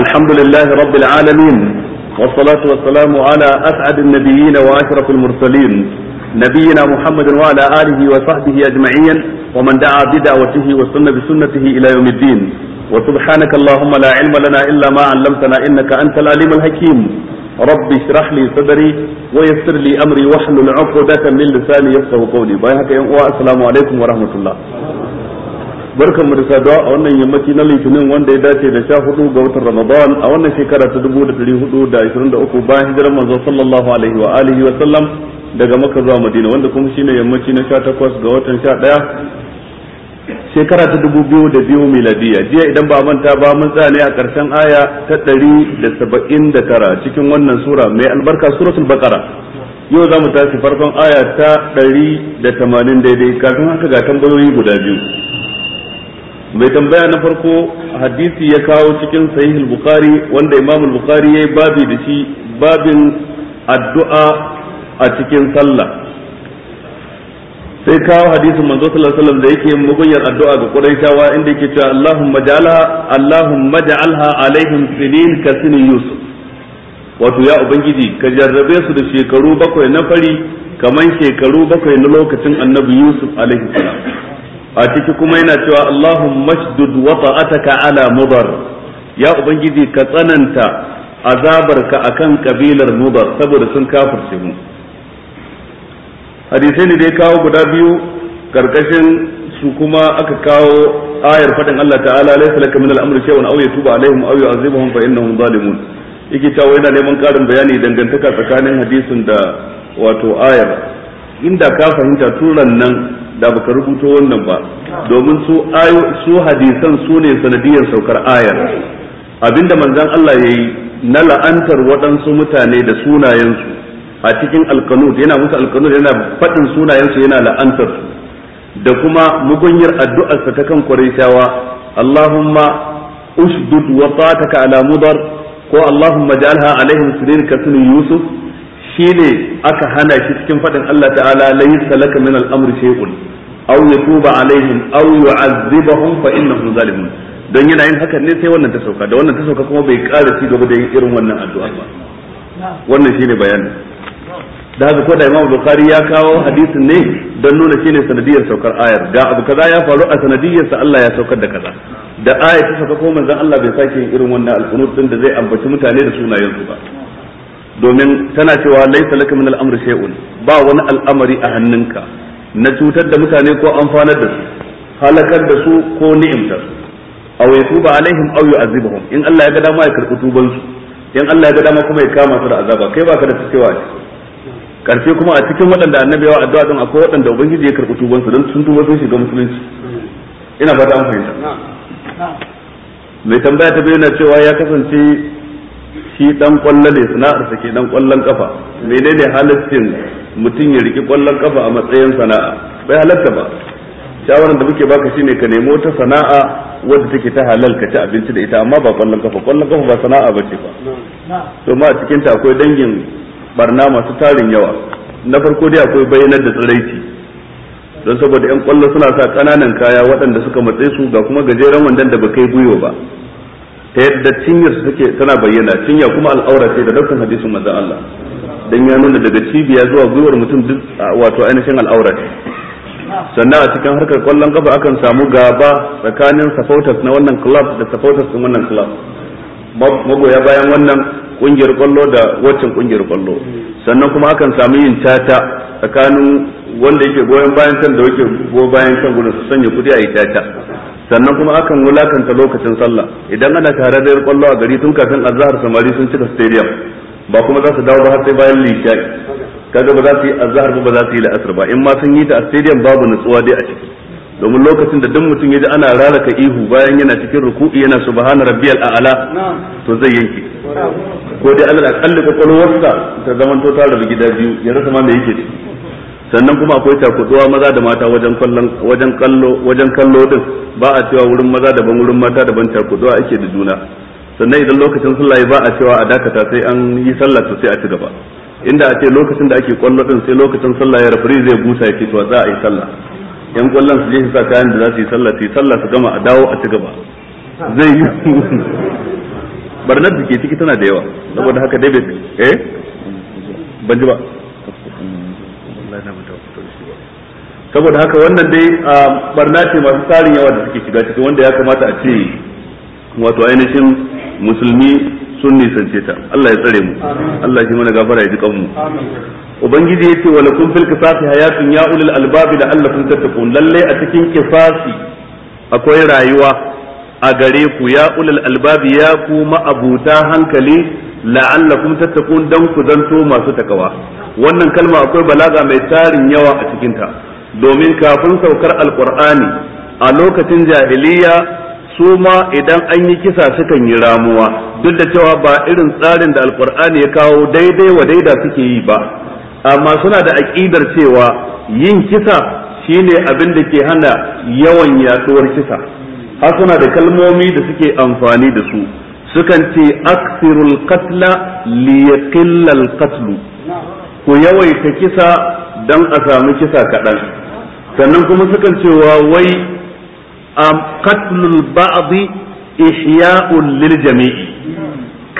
الحمد لله رب العالمين والصلاة والسلام على أسعد النبيين وأشرف المرسلين نبينا محمد وعلى آله وصحبه أجمعين ومن دعا بدعوته وسن بسنته إلى يوم الدين وسبحانك اللهم لا علم لنا إلا ما علمتنا إنك أنت العليم الحكيم رب اشرح لي صدري ويسر لي أمري واحلل عقدة من لساني يفقه قولي بايهك السلام عليكم ورحمة الله barkan mu da saduwa a wannan yammaci na litinin wanda ya dace da sha hudu ga watan ramadan a wannan shekara ta dubu da dari hudu da ashirin da uku bayan hijirar manzo sallallahu alaihi wa alihi wa sallam daga maka zuwa madina wanda kuma shine yammaci na sha takwas ga watan sha daya shekara ta dubu biyu da biyu miladiya jiya idan ba manta ba mun tsaya ne a karshen aya ta ɗari da saba'in da tara cikin wannan sura mai albarka suratul baqara yau za mu tashi farkon aya ta ɗari da tamanin daidai kafin haka ga tambayoyi guda biyu mai tambaya na farko hadisi ya kawo cikin sahih al-bukhari wanda imam al-bukhari yayi babi da shi babin addu'a a cikin sallah sai kawo hadisin manzo sallallahu alaihi wasallam da yake mugunyar addu'a ga quraishawa inda yake cewa Allahumma ja'alha Allahumma ja'alha alaihim sinin ka sinin yusuf wato ya ubangiji ka jarrabe su da shekaru bakwai na fari kaman shekaru bakwai na lokacin annabi yusuf alaihi salam a ciki kuma yana cewa Allahumma shdud wata'ataka ala mudar ya ubangiji ka tsananta azabarka akan kabilar mudar saboda sun kafirce mu hadisai ne da kawo guda biyu karkashin su kuma aka kawo ayar faɗin Allah ta'ala laysa laka min al-amri shay'un aw yatuba alaihim aw yu'azibuhum fa innahum zalimun yake cewa yana neman karin bayani dangantaka tsakanin hadisin da wato ayar inda ka fahimta turan nan da baka rubuto wannan ba domin su ayo su hadisan su ne sanadiyar saukar ayar abinda manzon Allah ya yi na la'antar waɗansu mutane da sunayensu a cikin alkanud yana musu alkanud yana faɗin sunayensu yana la'antar da kuma mugunyar addu'arsa ta kan quraishawa Allahumma usbud wa ta'ataka ala mudar ko Allahumma ja'alha alaihim sirin ka Yusuf shine aka hana shi cikin fadin Allah ta'ala laysa salaka min al-amri shay'un aw yatuba alaihim aw yu'azzibahum fa innahum zalimun don yana yin hakan ne sai wannan ta sauka da wannan ta sauka kuma bai ƙara ci gaba da yin irin wannan addu'a ba wannan shine bayani da haka ko da Imam Bukhari ya kawo hadisin ne don nuna shine sanadiyar saukar ayar Ga abu kaza ya faru a sanadiyar sa Allah ya saukar da kaza da ayar ta sauka ko manzon Allah bai sake yin irin wannan al-qunut din da zai ambaci mutane da sunayen su ba domin tana cewa laisa laka min al'amri shay'un ba wani al'amari a hannunka na cutar da mutane ko amfanar da su halakar da su ko ni'imta su aw yatuba alaihim aw yu'azibuhum in Allah ya ga dama ya karɓi tuban su in Allah ya ga dama kuma ya kama su da azaba kai baka da cewa karfe kuma a cikin waɗanda annabi ya addu'a din akwai waɗanda ubangiji ya karɓi tuban su don sun tuba sun shiga musulunci ina fata an fahimta mai tambaya ta bayyana cewa ya kasance shi dan kwallo ne sana'arsa ke dan kwallon kafa menene halittin mutum ya riki kwallon kafa a matsayin sana'a bai halatta ba shawaran da muke baka shine ka nemo ta sana'a wadda take ta halal ka ci abinci da ita amma ba kwallon kafa kwallon kafa ba sana'a ba ce ba to ma a cikin ta akwai dangin barna masu tarin yawa na farko dai akwai bayanar da tsiraici don saboda yan kwallo suna sa kananan kaya waɗanda suka matse su ga kuma gajeren wandan da ba kai gwiwa ba ta yadda cinyar su take tana bayyana cinya kuma al'aura ce da dukkan hadisin manzon Allah dan ya nuna daga cibiya zuwa gwiwar mutum duk wato ainihin al'aura ce sannan a cikin harkar kwallon kafa akan samu gaba tsakanin supporters na wannan club da supporters din wannan club magoya bayan wannan kungiyar kwallo da waccan kungiyar kwallo sannan kuma akan samu yin tata tsakanin wanda yake goyon bayan can da yake goyon bayan can gudun su sanya kudi a yi tata sannan kuma akan wulakanta lokacin sallah idan ana tare da kwallo a gari tun kafin azhar samari sun cika stadium ba kuma za su dawo ba har sai bayan lisha kaga ba za su yi azhar ba za su yi la'asar ba in ma sun yi ta a stadium babu nutsuwa dai a ciki domin lokacin da duk mutum ya ji ana raraka ihu bayan yana cikin ruku'i yana subhana rabbiyal a'la to zai yanke ko dai alal aqalli kwakwalwarsa ta zamanto ta rabu gida biyu ya rasa ma me yake ciki sannan kuma akwai takutsuwa maza da mata wajen kallon wajen kallo wajen kallo din ba a cewa wurin maza daban wurin mata daban takutsuwa ake da juna sannan idan lokacin sallah ba a cewa a dakata sai an yi sallah to sai a ci gaba inda a ce lokacin da ake kwallo din sai lokacin sallah ya rafri zai busa ya to za a yi sallah yan kwallon su je su sa kayan da za su yi sallah su yi sallah su gama a dawo a ci gaba zai yi barnar da ke ciki tana da yawa saboda haka dai bai eh ban ji ba saboda haka wannan dai barna ce masu tsarin yawa da suke shiga ciki wanda ya kamata a ce wato ainihin musulmi sun nisance ta Allah ya tsare mu Allah shi mana gafara ya ji kanmu ubangiji yace wala kun fil qisasi hayatun ya ulul albabi da Allah kun tattaqun lalle a cikin qisasi akwai rayuwa a gare ku ya ulul albabi ya ku ma'abuta hankali la'allakum tattakun dan ku zanto masu takawa wannan kalma akwai balaga mai tarin yawa a cikin ta domin kafin saukar alkur'ani a lokacin jahiliya su ma idan an yi kisa sukan yi ramuwa duk da cewa ba irin tsarin da alkur'ani ya kawo daidai wa daida suke yi ba amma suna da aƙidar cewa yin kisa shine abin da ke hana yawan yaduwar kisa har suna da kalmomi da suke amfani da su sukan ce aksirul qatla li yaqilla ku yawaita kisa dan a samu kisa kaɗan sannan kuma sukan cewa wai am qatlul ba'd ihya'un lil jami'i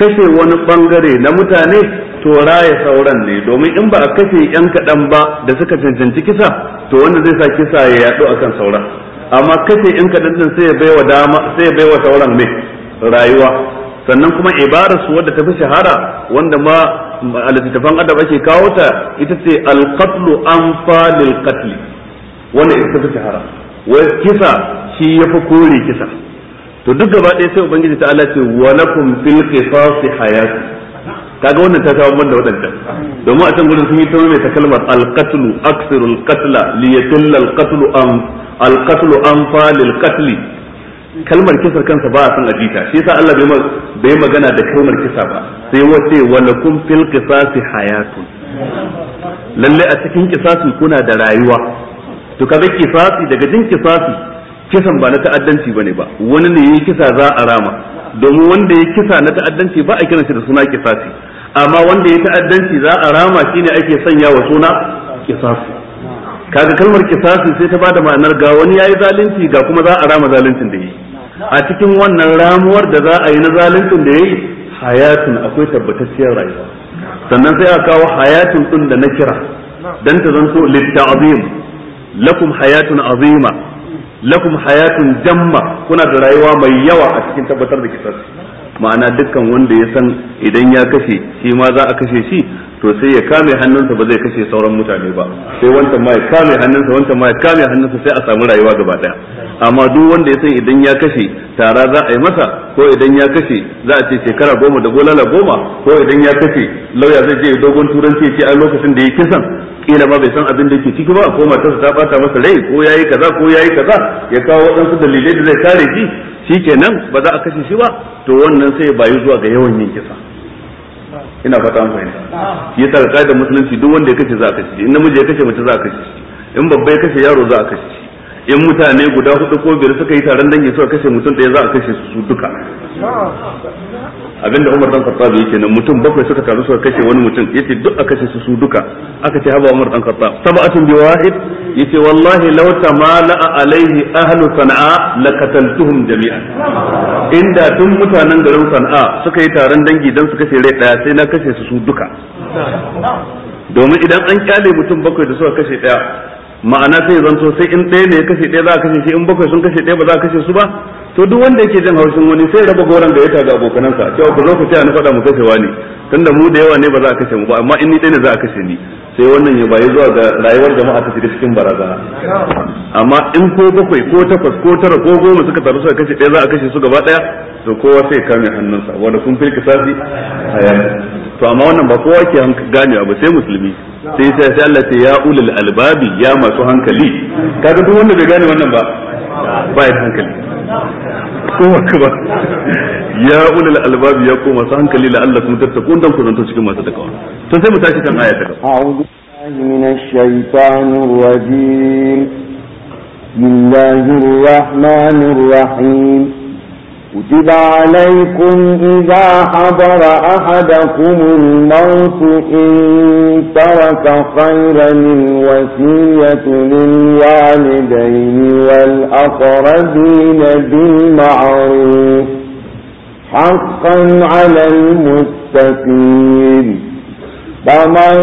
kashe wani bangare na mutane to raya sauran ne domin in ba a kashe yan kaɗan ba da suka cancanci kisa to wanda zai sa kisa ya yaɗu akan sauran amma kashe yan kaɗan din sai ya baiwa dama sai ya baiwa sauran ne rayuwa sannan kuma ibarar su wadda tafi shahara wanda ma a littattafan adab ake kawo ta ita ce alqatlu anfa lil qatl wannan ita tafi shahara wai kisa shi ya fi kore kisa to duk gaba ɗaya sai ubangiji ta ce wa lakum fil qisasi hayatu kaga wannan ta kawo banda wadancan domin a can gurin sun yi ta mai ta kalmar al-qatlu aksiru al-qatla li yadulla al-qatlu am al-qatlu anfa lil qatli kalmar kisar kansa ba a san ajita shi yasa Allah bai magana da kalmar kisa ba sai wace lakum fil qisasi hayatun lalle a cikin kisasin kuna da rayuwa to kaga kisasi daga jin kisasi kisan ba na ta'addanci bane ba wani ne yayi kisa za a rama domin wanda yayi kisa na ta'addanci ba a kiran da suna kisasi amma wanda ya ta'addanci za a rama shine ake sanya wa suna kisasi kaga kalmar kisasi sai ta bada ma'anar ga wani yayi zalunci ga kuma za a rama zaluncin da yayi a cikin wannan ramuwar da za a yi na zaluncin da yayi hayatun akwai tabbatacciyar rayuwa sannan sai a kawo hayatun din da na kira dan ta zanto litta'zim lakum hayatun azima lakum hayatun jamma kuna da rayuwa mai yawa a cikin tabbatar da kisa ma'ana dukkan wanda ya san idan ya kashe shi ma za a kashe shi to sai ya kame hannunsa ba zai kashe sauran mutane ba sai wancan ma ya kame hannunsa wancan ma ya kame hannunsa sai a samu rayuwa gaba daya amma duk wanda ya san idan ya kashe tara za a yi masa ko idan ya kashe za a ce shekara goma da golala goma ko idan ya kashe lauya zai je dogon turanci ce a lokacin da ya kisan kila ma bai san abin da yake ciki ba ko matarsa ta bata masa rai ko yayi kaza ko yayi kaza ya kawo waɗansu dalilai da zai kare shi shikenan ba za a kashe shi ba to wannan sai bayu zuwa ga yawan yin kisa ina fata an fahimta shi yasa ga kaidar musulunci duk wanda ya kashe za a kashe in namiji ya kashe mace za a kashe shi in babba ya kashe yaro za a kashe shi in mutane guda hudu ko biyar suka yi taron dangi suka kashe mutum ɗaya za a kashe su duka abinda Umar dan Khattab yake nan mutum bakwai suka taru suka kashe wani mutum yace duk aka kashe su su duka aka ce haba Umar dan Khattab sab'atun bi wahid yace wallahi law tamala alaihi ahlu sana'a lakataltuhum jami'an inda tun mutanen garin sana'a suka yi taron dangi dan su kashe rai daya sai na kashe su su duka domin idan an kyale mutum bakwai da suka kashe daya ma'ana sai zanto sai in ɗaya ne ya kashe ɗaya za a kashe shi in bakwai sun kashe ɗaya ba za a kashe su ba to duk wanda yake jin haushin wani sai raba goran da ya taga abokanansa cewa ku zo ku ce ni faɗa mu kace wani tunda mu da yawa ne ba za a kashe mu ba amma in ni ɗaya ne za a kashe ni sai wannan ya bayi zuwa ga rayuwar jama'a ta shiga cikin baraza amma in ko bakwai ko takwas ko tara ko goma suka taru suka kace ɗaya za a kashe su gaba ɗaya to kowa sai kame hannunsa wanda kun fi sasi to amma wannan ba kowa ke gane ba sai musulmi sai sai sai Allah ya ulul albabi ya masu hankali kaga duk wanda bai gane wannan ba ba ya hankali kowa kuma ya ulul albab ya ko masu hankali kuma tattaqun dan ku zanto cikin masu takawa to sai mu tashi kan aya ta a'udhu minash shaitanir rajim bismillahir rahmanir rahim كتب عليكم إذا حضر أحدكم الموت إن ترك خيرا الوسية للوالدين والأقربين بالمعروف حقا على المتقين فمن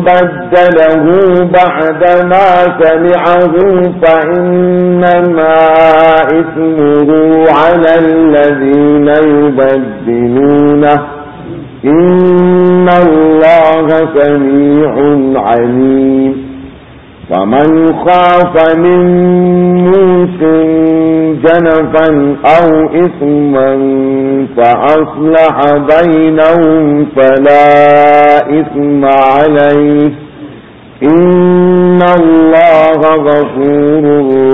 بدله بعد ما سمعه فإنما إثمه على الذين يبدلونه إن الله سميع عليم فمن خاف من موس جنفا أو إثما فأصلح بينهم فلا إثم عليه إن الله غفور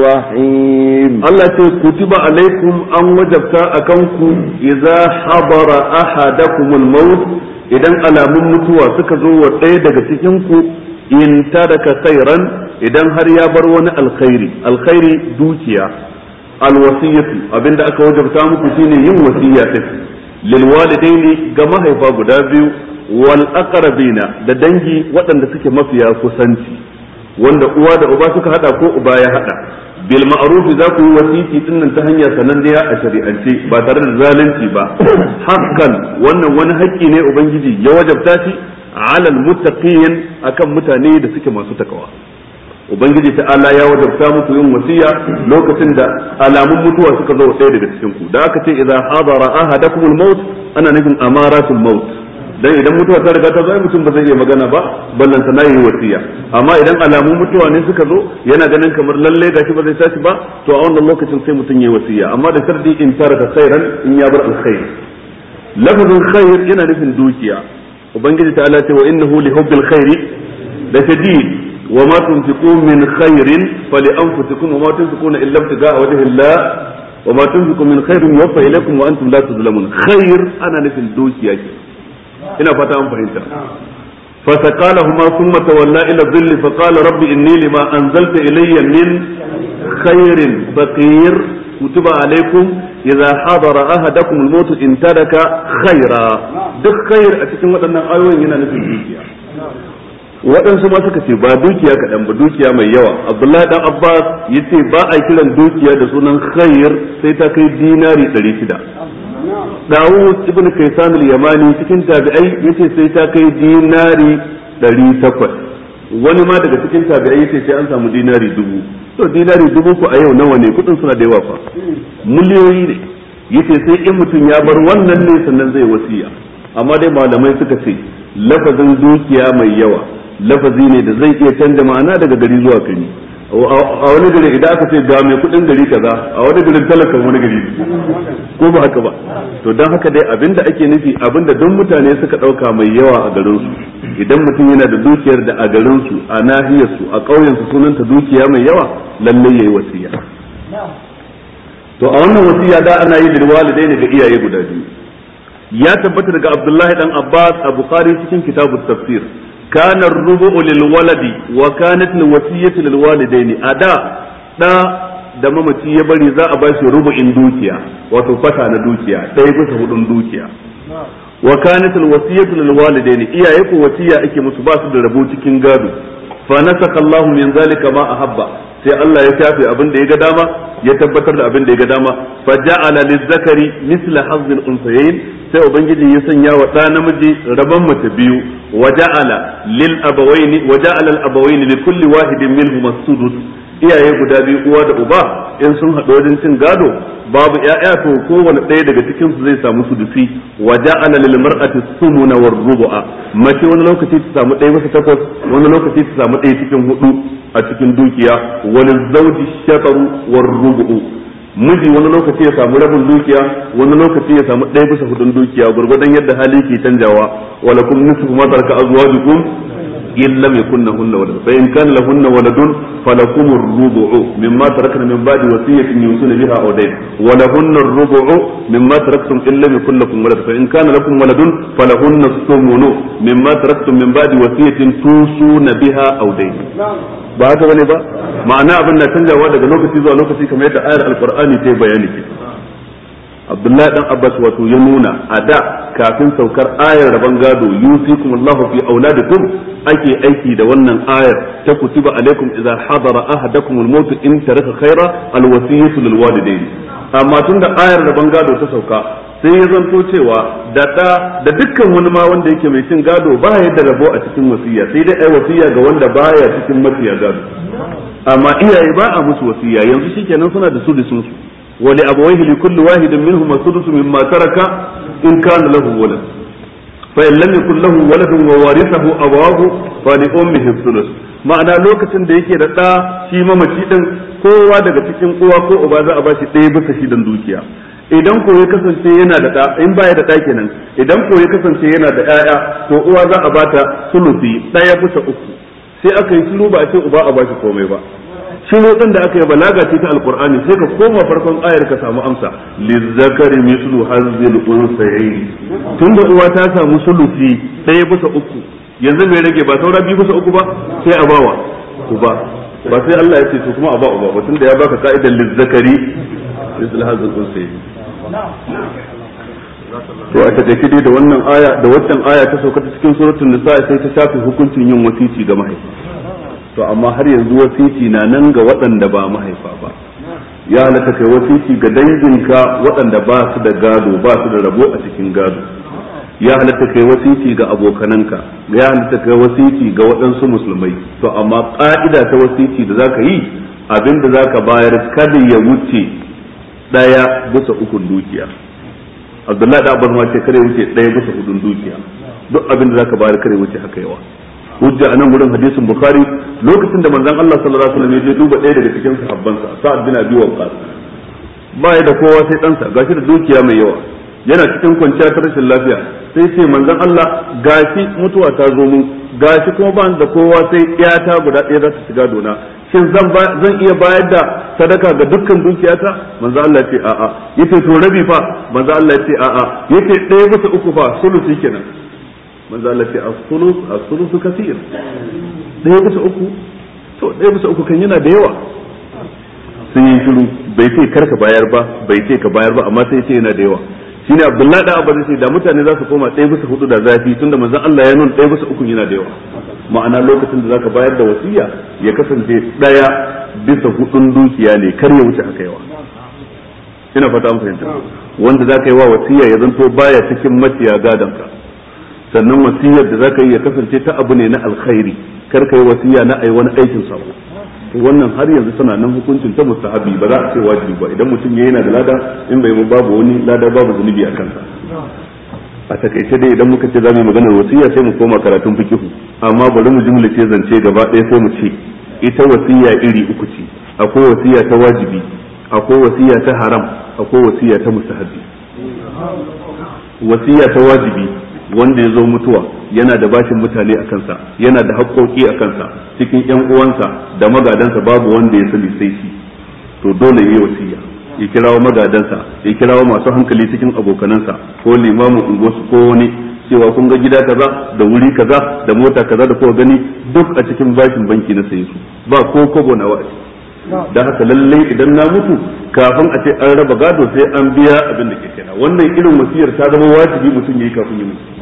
رحيم الله كتب عليكم أن وجبت أكمكم إذا حضر أحدكم الموت إذا ألا من متوى سكزوا وإيدك سكنكم in daga khairan idan har ya bar wani alkhairi alkhairi dukiya alwasiyatu abinda aka wajabta muku shine yin wasiya ta lil walidaini ga mahaifa guda biyu wal aqrabina da dangi waɗanda suke mafiya kusanci wanda uwa da uba suka hada ko uba ya hada bil ma'ruf za ku yi wasiki dinnan ta hanya sananniya a shari'ance ba tare da zalunci ba hakan wannan wani haƙƙi ne ubangiji ya wajabta shi alal muttaqin akan mutane da suke masu takawa ubangiji ta'ala ya wajabta muku yin wasiya lokacin da alamun mutuwa suka zo ɗaya daga cikin ku da aka ce idza hadara ahadakum al ana nufin amaratul maut dan idan mutuwa ta riga ta zo mutum ba zai iya magana ba ballan sana yi wasiya amma idan alamun mutuwa ne suka zo yana ganin kamar lalle gashi ba zai tashi ba to a wannan lokacin sai mutum yayi wasiya amma da sardi in taraka khairan in ya bar alkhair lafazin khair yana nufin dukiya ubangiji ta Allah ce wa innahu li hubbil khairi ta di wa ma tunfiqu min khairin fali anfusikum wa ma tunfiquna illa ibtigaa wajhi wa ma tunfiqu min khairin yuwaffa ilaykum wa antum la tuzlamun khair ana nufin dukiya ke ina fata an fahimta فسقالهما ثم تولى إلى الظل فقال رب إني لما أنزلت إلي من خير فقير kutiba alaikum idza hadara ahadakum al-maut in taraka khaira duk khair a cikin waɗannan ayoyin yana nufin dukiya waɗansu ma suka ce ba dukiya kaɗan ba dukiya mai yawa abdullahi dan abbas ya ce ba a kiran dukiya da sunan khair sai ta kai dinari ɗari shida dawud ibn kaisan al-yamani cikin tabi'ai ya ce sai ta kai dinari ɗari takwas wani ma daga cikin tabi'ai yace sai an samu dinari dubu to dinari dubu ko a yau nawa ne kudin suna da yawa fa miliyoyi ne yace sai in mutum ya bar wannan ne sannan zai wasiya amma dai malamai suka ce lafazin dukiya mai yawa lafazi ne da zai iya canza ma'ana daga gari zuwa gari a wani gari idan aka ce ga mai kudin gari kaza a wani garin talakan wani gari ko ba haka ba to don haka dai abinda ake nufi abinda don mutane suka dauka mai yawa a garin su idan mutum yana da dukiyar da a garin su a nahiyar su a ƙauyen su sunanta dukiya mai yawa lalle yayi wasiya to a wannan wasiya da ana yi walidai ne ga iyaye guda biyu ya tabbata daga Abdullahi dan Abbas a Bukhari cikin kitabut tafsir kana rubu'u lil waladi wa kanat al wasiyatu lil walidaini ada da da mamaci ya bari za a bashi rubu'in dukiya wato fata na dukiya ɗaya bisa hudun dukiya wa kanat al wasiyatu lil walidaini iyaye ko wasiya ake musu ba su da rabo cikin gado fa nasakha Allahu min zalika ma ahabba sai Allah ya shafe abin da ya ga dama ya tabbatar da abin da ya ga dama fa ja'ala lizzakari misla hazzil unsayayn sai ubangiji ya sanya wa da namiji raban mata biyu wa ja'ala lil abawaini wa ja'ala al abawaini li kulli wahidin minhum as-sudus iyaye guda biyu uwa da uba in sun haɗu wajen cin gado babu ƴaƴa to kowane ɗaya daga cikin su zai samu su dufi wa ja'ala lil mar'ati sumuna war rubu'a mace wani lokaci ta samu ɗaya masa takwas wani lokaci ta samu ɗaya cikin hudu a cikin dukiya wani zawji shataru war rubu'u miji wani lokaci ya samu rabin dukiya wani lokaci ya samu ɗaya bisa hudun dukiya gurgurdan yadda hali ke canjawa walakum nisfu ma taraka azwajukum in lam yakunna hunna walad fa in kana lahunna waladun falakum ar-rubu'u mimma tarakna min ba'di wasiyatin yusuna biha aw dayn wa lahunna ar-rubu'u mimma taraktum in lam yakun lakum walad fa in kana lakum waladun falahunna ath-thumnu mimma taraktum min biha ba haka bane ba ma'ana abin na canjawa daga lokaci zuwa lokaci kamar yadda ayar alqur'ani ta bayani ke abdullahi dan abbas wato ya nuna a da kafin saukar ayar rabon gado yusikum allahu fi auladikum ake aiki da wannan ayar ta kutiba alaikum idza hadara ahadakum almautu in taraka khaira alwasiyatu lilwalidayn amma tunda ayar rabon gado ta sauka sai ya zanto cewa da da da dukkan wani ma wanda yake mai cin gado ba ya da rabo a cikin wasiya sai dai ai wasiya ga wanda baya cikin mafiya gado amma iyaye ba a musu wasiya yanzu shikenan suna da su da sun wali abawaihi li kulli wahidin minhum sudusu mimma taraka in kana lahu walad fa in lam yakul lahu waladun wa warithahu abawahu fa li ummihi thuluth ma'ana lokacin da yake da ɗa shi mamaci din kowa daga cikin uwa ko uba za a bashi ɗaya bisa shidan dukiya idan ko ya kasance yana da ɗa in baya da ɗa kenan idan ko ya kasance yana da ƴaƴa to uwa za a bata sulusi ɗaya bisa uku sai aka yi sulu ba a ce uba a bashi komai ba shiru din da aka yi balaga ce ta alkur'ani sai ka koma farkon ayar ka samu amsa lizzakari mislu hazil unsayi tunda uwa ta samu sulusi ɗaya bisa uku yanzu mai rage ba saura biyu bisa uku ba sai a bawa uba ba sai Allah ya ce to kuma a ba uba ba tunda ya baka ka'idar lizzakari mislu hazil unsayi to a take dai da wannan aya da wannan aya ta sauka cikin suratul nisa sai ta shafi hukuncin yin wasici ga mahaifi to amma har yanzu wasiki na nan ga waɗanda ba mahaifa ba ya halatta kai wasiki ga danginka waɗanda ba su da gado ba su da rabo a cikin gado ya halatta kai wasiki ga abokananka ya halatta kai wasiki ga waɗansu musulmai to amma ƙa'ida ta wasiki da zaka yi abin da zaka bayar kada ya wuce ɗaya bisa ukun dukiya abdullahi da abubuwa ce kada ya wuce ɗaya bisa hudun dukiya duk abin da zaka bayar kada ya wuce haka yawa hujja a nan wurin hadisin bukhari lokacin da manzan Allah sallallahu alaihi wasallam ya duba ɗaya daga cikin sahabbansa sa'ad bin abi waqqas ba ya da kowa sai ɗansa gashi da dukiya mai yawa yana cikin kwanciya ta rashin lafiya sai ce manzan Allah gashi mutuwa ta zo mu gashi kuma ba da kowa sai ta guda ɗaya za ta shiga dona shin zan zan iya bayar da sadaka ga dukkan dukiyata manzo Allah ce a'a yace to rabi fa manzo Allah ce a'a yace ɗaya bisa uku fa sulusi kenan manzo Allah ce as-sulus as-sulusu kaseer ɗaya bisa uku to ɗaya bisa uku kan yana da yawa sun yi shiru bai ce kar ka bayar ba bai ce ka bayar ba amma sai ce yana da yawa Shi ne Abdullahi da Abba ce da mutane za su koma ɗaya bisa hudu da zafi tun tunda manzo Allah ya nuna ɗaya bisa uku yana da yawa ma'ana lokacin da za ka bayar da wasiya ya kasance ɗaya bisa hudun dukiya ne kar ya wuce haka yawa ina fata mun fahimta wanda za ka yi wa wasiya ya zanto baya cikin maciya gadanka sannan wasiyar da zaka yi ya kasance ta abu ne na alkhairi kar kai wasiya na ai wani aikin sabo wannan har yanzu tana nan hukuncin ta mustahabi ba za a ce wajibi ba idan mutum ya yana da lada in bai mu babu wani lada babu zunubi a kansa a takaice dai idan muka ce za mu maganar wasiya sai mu koma karatun fikihu amma bari mu ce zance gaba ɗaya sai mu ce ita wasiya iri uku ce akwai wasiya ta wajibi akwai wasiya ta haram akwai wasiya ta mustahabi wasiya ta wajibi wanda ya zo mutuwa yana da bashin mutane a kansa yana da haƙoƙi a kansa cikin ƴan uwansa da magadansa babu wanda ya sani sai shi to dole yayi wasiya ya kirawo magadansa ya kirawo masu hankali cikin abokanansa ko limamin unguwarsu ko wani cewa kun ga gida kaza da wuri kaza da mota kaza da kowa gani duk a cikin bashin banki na sayi su ba ko kobo na wa'azi da haka lalle idan na mutu kafin a ce an raba gado sai an biya abin da ke kaina wannan irin wasiyar ta zama wajibi mutum ya yi kafin ya mutu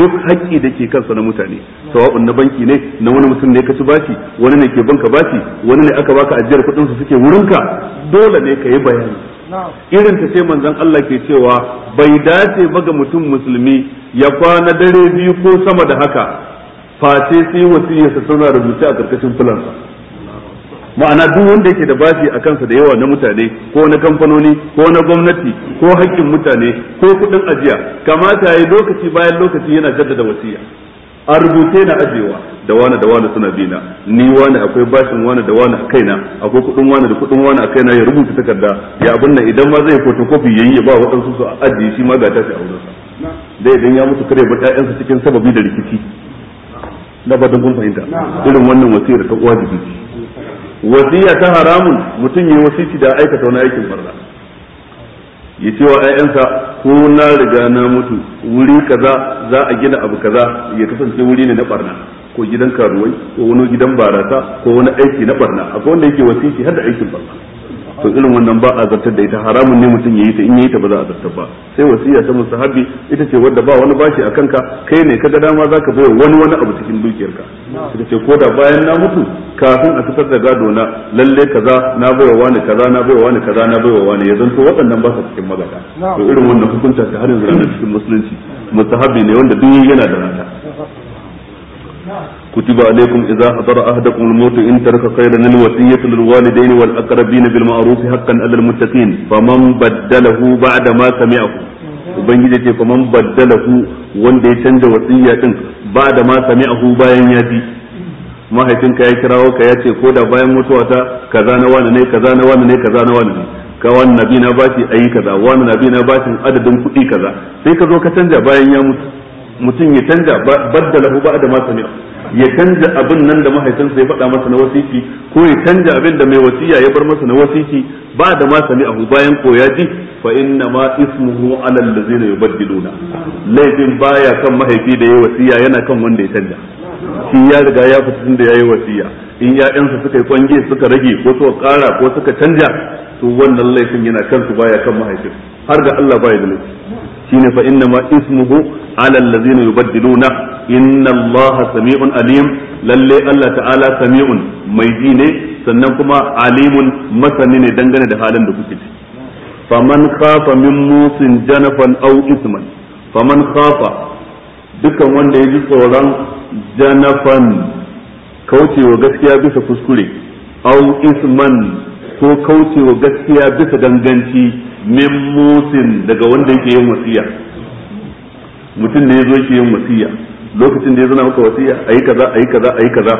duk haƙƙi da ke kansa na mutane sawa'un na banki ne na wani mutum ne ka ci baci wani ne ke banka baci wani ne aka baka ajiyar kuɗin su suke wurinka dole ne ka yi bayani irin ta sai manzon Allah ke cewa bai dace ba ga mutum musulmi ya kwana dare biyu ko sama da haka face sai wasiyarsa tana rubuce a karkashin fulansa ma'ana duk wanda yake da bashi a kansa da yawa na mutane ko na kamfanoni ko na gwamnati ko haƙƙin mutane ko kuɗin ajiya kamata ya yi lokaci bayan lokaci yana jaddada wasiya a rubuce na ajewa da wani da wani suna bina ni wani akwai bashin wani da wani a kaina akwai kuɗin wani da kuɗin wani a kaina ya rubuta takarda ya abin nan idan ma zai fotokofi kofi ya yi ya ba waɗansu su a ajiye shi ma ga tashi a wurinsa dai idan ya mutu kare ba ƴaƴansa cikin sababi da rikici na ba kun fahimta irin wannan wasiyar ta uwa biki wasiya ta haramun mutum ya wasiki da aikata wani aikin barna ya ce wa ƴaƴansa ko na riga na mutu wuri kaza za a gina abu kaza ya kasance wuri ne na barna ko gidan karuwai ko wani gidan barasa ko wani aiki na barna akwai wanda yake wasiki har da aikin barna to irin wannan ba a zartar da ita haramun ne mutum ya yi ta in yayi ta ba za a zartar ba sai wasiya ta musahabi ita ce wadda ba wani bashi akan ka kai ne kaga dama zaka bai wani wani abu cikin dukiyarka ita ce ko da bayan na mutu kafin a fitar da gado na lalle kaza na bayar wani kaza na bayar wani kaza na bayar wani ya zanto waɗannan ba su cikin magana to irin wannan hukunta ta har yanzu cikin musulunci musahabi ne wanda duk yana da rata كتب عليكم إذا حضر أحدكم الموت إن ترك خيرا الوصية للوالدين والأقربين بالمعروف حقا على المتقين فمن بدله بعد ما سمعه ubangiji ce fa man baddalahu wanda ya canza wasiyya din ba da ma sami'ahu bayan ya ji mahaifinka ya kirawo ka ya ce ko da bayan mutuwa kaza na wani ne kaza na wani ne kaza na wani ne ka wani nabi na bashi kaza wani kaza sai ka zo ka bayan ya mutu mutum ya canja ba ya canza abin nan da mahaifinsa ya faɗa masa na wasiki ko ya canza abin da mai wasiya ya bar masa na wasiki ba da ma sami abu bayan koya ji fa inna ma ismuhu ala allazina yubaddiluna laifin baya kan mahaifi da ya wasiya yana kan wanda ya canja shi ya riga ya fita tun da yayi wasiya in ya'yansa suka yi kwange suka rage ko suka kara, ko suka canja to wannan laifin yana kansu baya kan mahaifin har ga Allah baya da laifi shine fa inna ismuhu ala allazina yubaddiluna inna allaha sami'un alim lalle Allah ta'ala sami'un mai ji ne sannan kuma alimun masani ne dangane da halin da kuke ciki faman khafa min musin janafan aw isman faman khafa dukkan wanda ya ji tsoron janafan kaucewa gaskiya bisa kuskure aw isman ko kaucewa gaskiya bisa ganganci min musin daga wanda yake yin wasiya mutum ne ya zo yake yin wasiya lokacin da ya zana maka wasiya yi kaza a yi kaza a yi kaza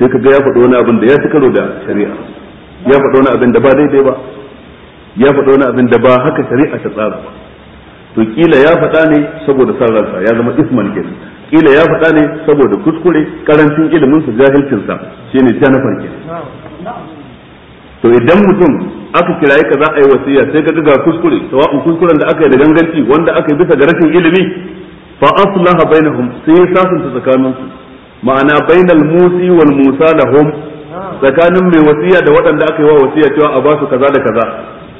sai ka ga ya faɗo wani abin da ya fi karo da shari'a ya faɗo wani abin da ba daidai ba ya faɗo wani abin da ba haka shari'a ta tsara ba to kila ya faɗa ne saboda san ransa ya zama isman kenan kila ya faɗa ne saboda kuskure karancin ilimin su jahilcin sa shine janafar kenan to idan mutum aka kiraye ka za a yi wasiya sai ka ga kuskure sawa'un kuskuren da aka yi da ganganci wanda aka yi bisa ga rashin ilimi fa aslaha bainahum sai sasanta tsakaninsu ma'ana bainal musi wal musa lahum tsakanin mai wasiya da waɗanda aka yi wa wasiya cewa a ba su kaza da kaza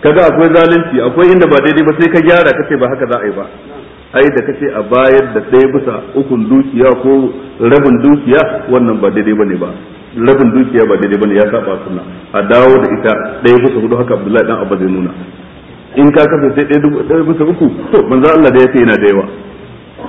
kaga akwai zalunci akwai inda ba daidai ba sai ka gyara kace ba haka za a yi ba ai da kace a bayar da ɗaya bisa ukun dukiya ko rabin dukiya wannan ba daidai bane ba labin dukiya ba daidai bane ya saba sunna a dawo da ita ɗaya bisa hudu haka Abdullahi dan Abba zai nuna in ka kasa sai ɗaya bisa uku to manzo Allah da yake yana da yawa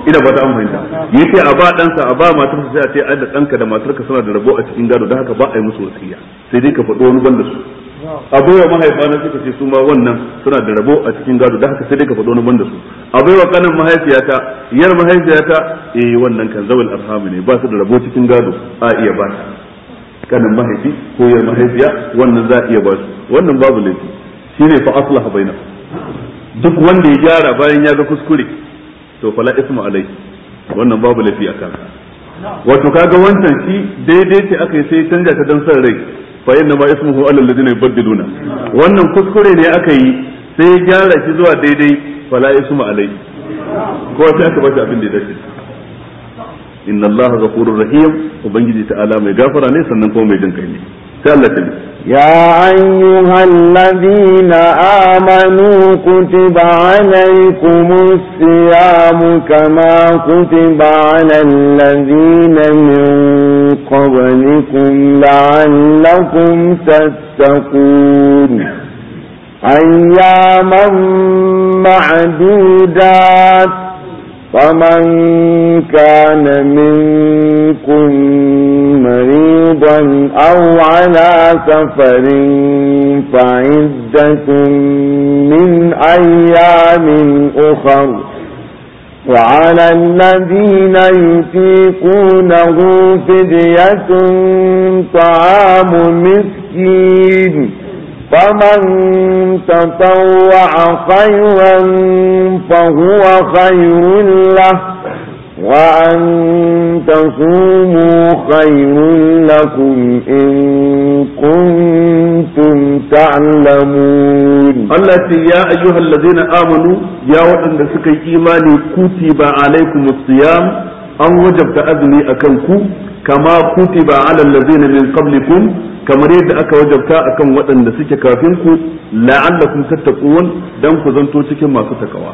ina ba ta an fahimta yace a ba ɗansa a ba matarsa sai a ce ai da ɗanka da matarka suna da rabo a cikin gado don haka ba a yi musu wasiya sai dai ka faɗo wani banda su a baiwa mahaifa na suka ce su ma wannan suna da rabo a cikin gado da haka sai dai ka faɗo wani banda su a baiwa kanin mahaifiyata yar mahaifiyata eh wannan kan zawal arhamu ne ba su da rabo cikin gado a iya ba kanin mahaifi ko yar mahaifiya wannan za a iya ba su wannan babu laifi Shi ne fa aslaha baina duk wanda ya gyara bayan ya ga kuskure to fala isma alai wannan babu laifi a kansa wato kaga wancan shi daidai ce aka yi sai canja ta dan san rai fa yadda ma ismuhu alal ladina yubaddiluna wannan kuskure ne aka yi sai ya gyara shi zuwa daidai fala isma alai ko sai aka bashi abin da ya dace inna allaha ghafurur rahim ubangiji ta'ala mai gafara ne sannan kuma mai jin kai ne sai Allah ya ya ayyuha alladhina amanu kutiba alaykumus siyamu kama kutiba alal ladina min qablikum la'allakum tattaqun ayyaman ma'dudat فمن كان منكم مريضا أو على سفر فعدة من أيام أخر وعلى الذين يتيقونه فدية طعام مسكين فمن تطوع خيرا فهو خير له وأن تصوموا خير لكم إن كنتم تعلمون الله يا أيها الذين آمنوا يا وعند سكي إيماني كتب عليكم الصيام an wajabta azumi akan ku kama kutiba alal ladzina min qablikum kamar yadda aka wajabta akan waɗanda suke kafin ku la'allakum tattaqun dan ku zanto cikin masu takawa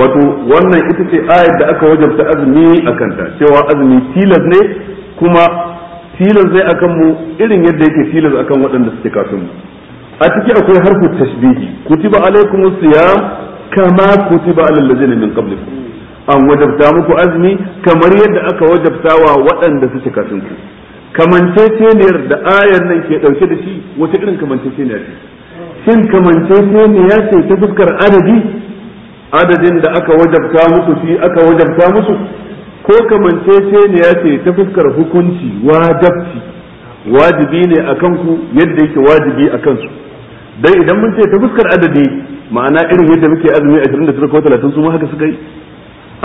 wato wannan ita ce ayar da aka wajabta azumi akan ta cewa azumi tilas ne kuma tilas zai akan mu irin yadda yake tilas akan waɗanda suke kafin mu a ciki akwai harfu tashbihi kutiba alaikumus siyam kama kutiba alal ladzina min qablikum an wajabta muku azumi kamar yadda aka wajabta wa waɗanda su cika sun ku kamanceceniyar da ayar nan ke ɗauke da shi wata irin kamanceceniyar ce shin kamanceceniyar ce ta fuskar adadi adadin da aka wajabta musu shi aka wajabta musu ko kamanceceniyar ce ta fuskar hukunci wajabci wajibi ne a kanku yadda yake wajibi a kansu. dai idan mun ce ta fuskar adadi ma'ana irin yadda muke azumi 29 ko 30 su ma haka suka yi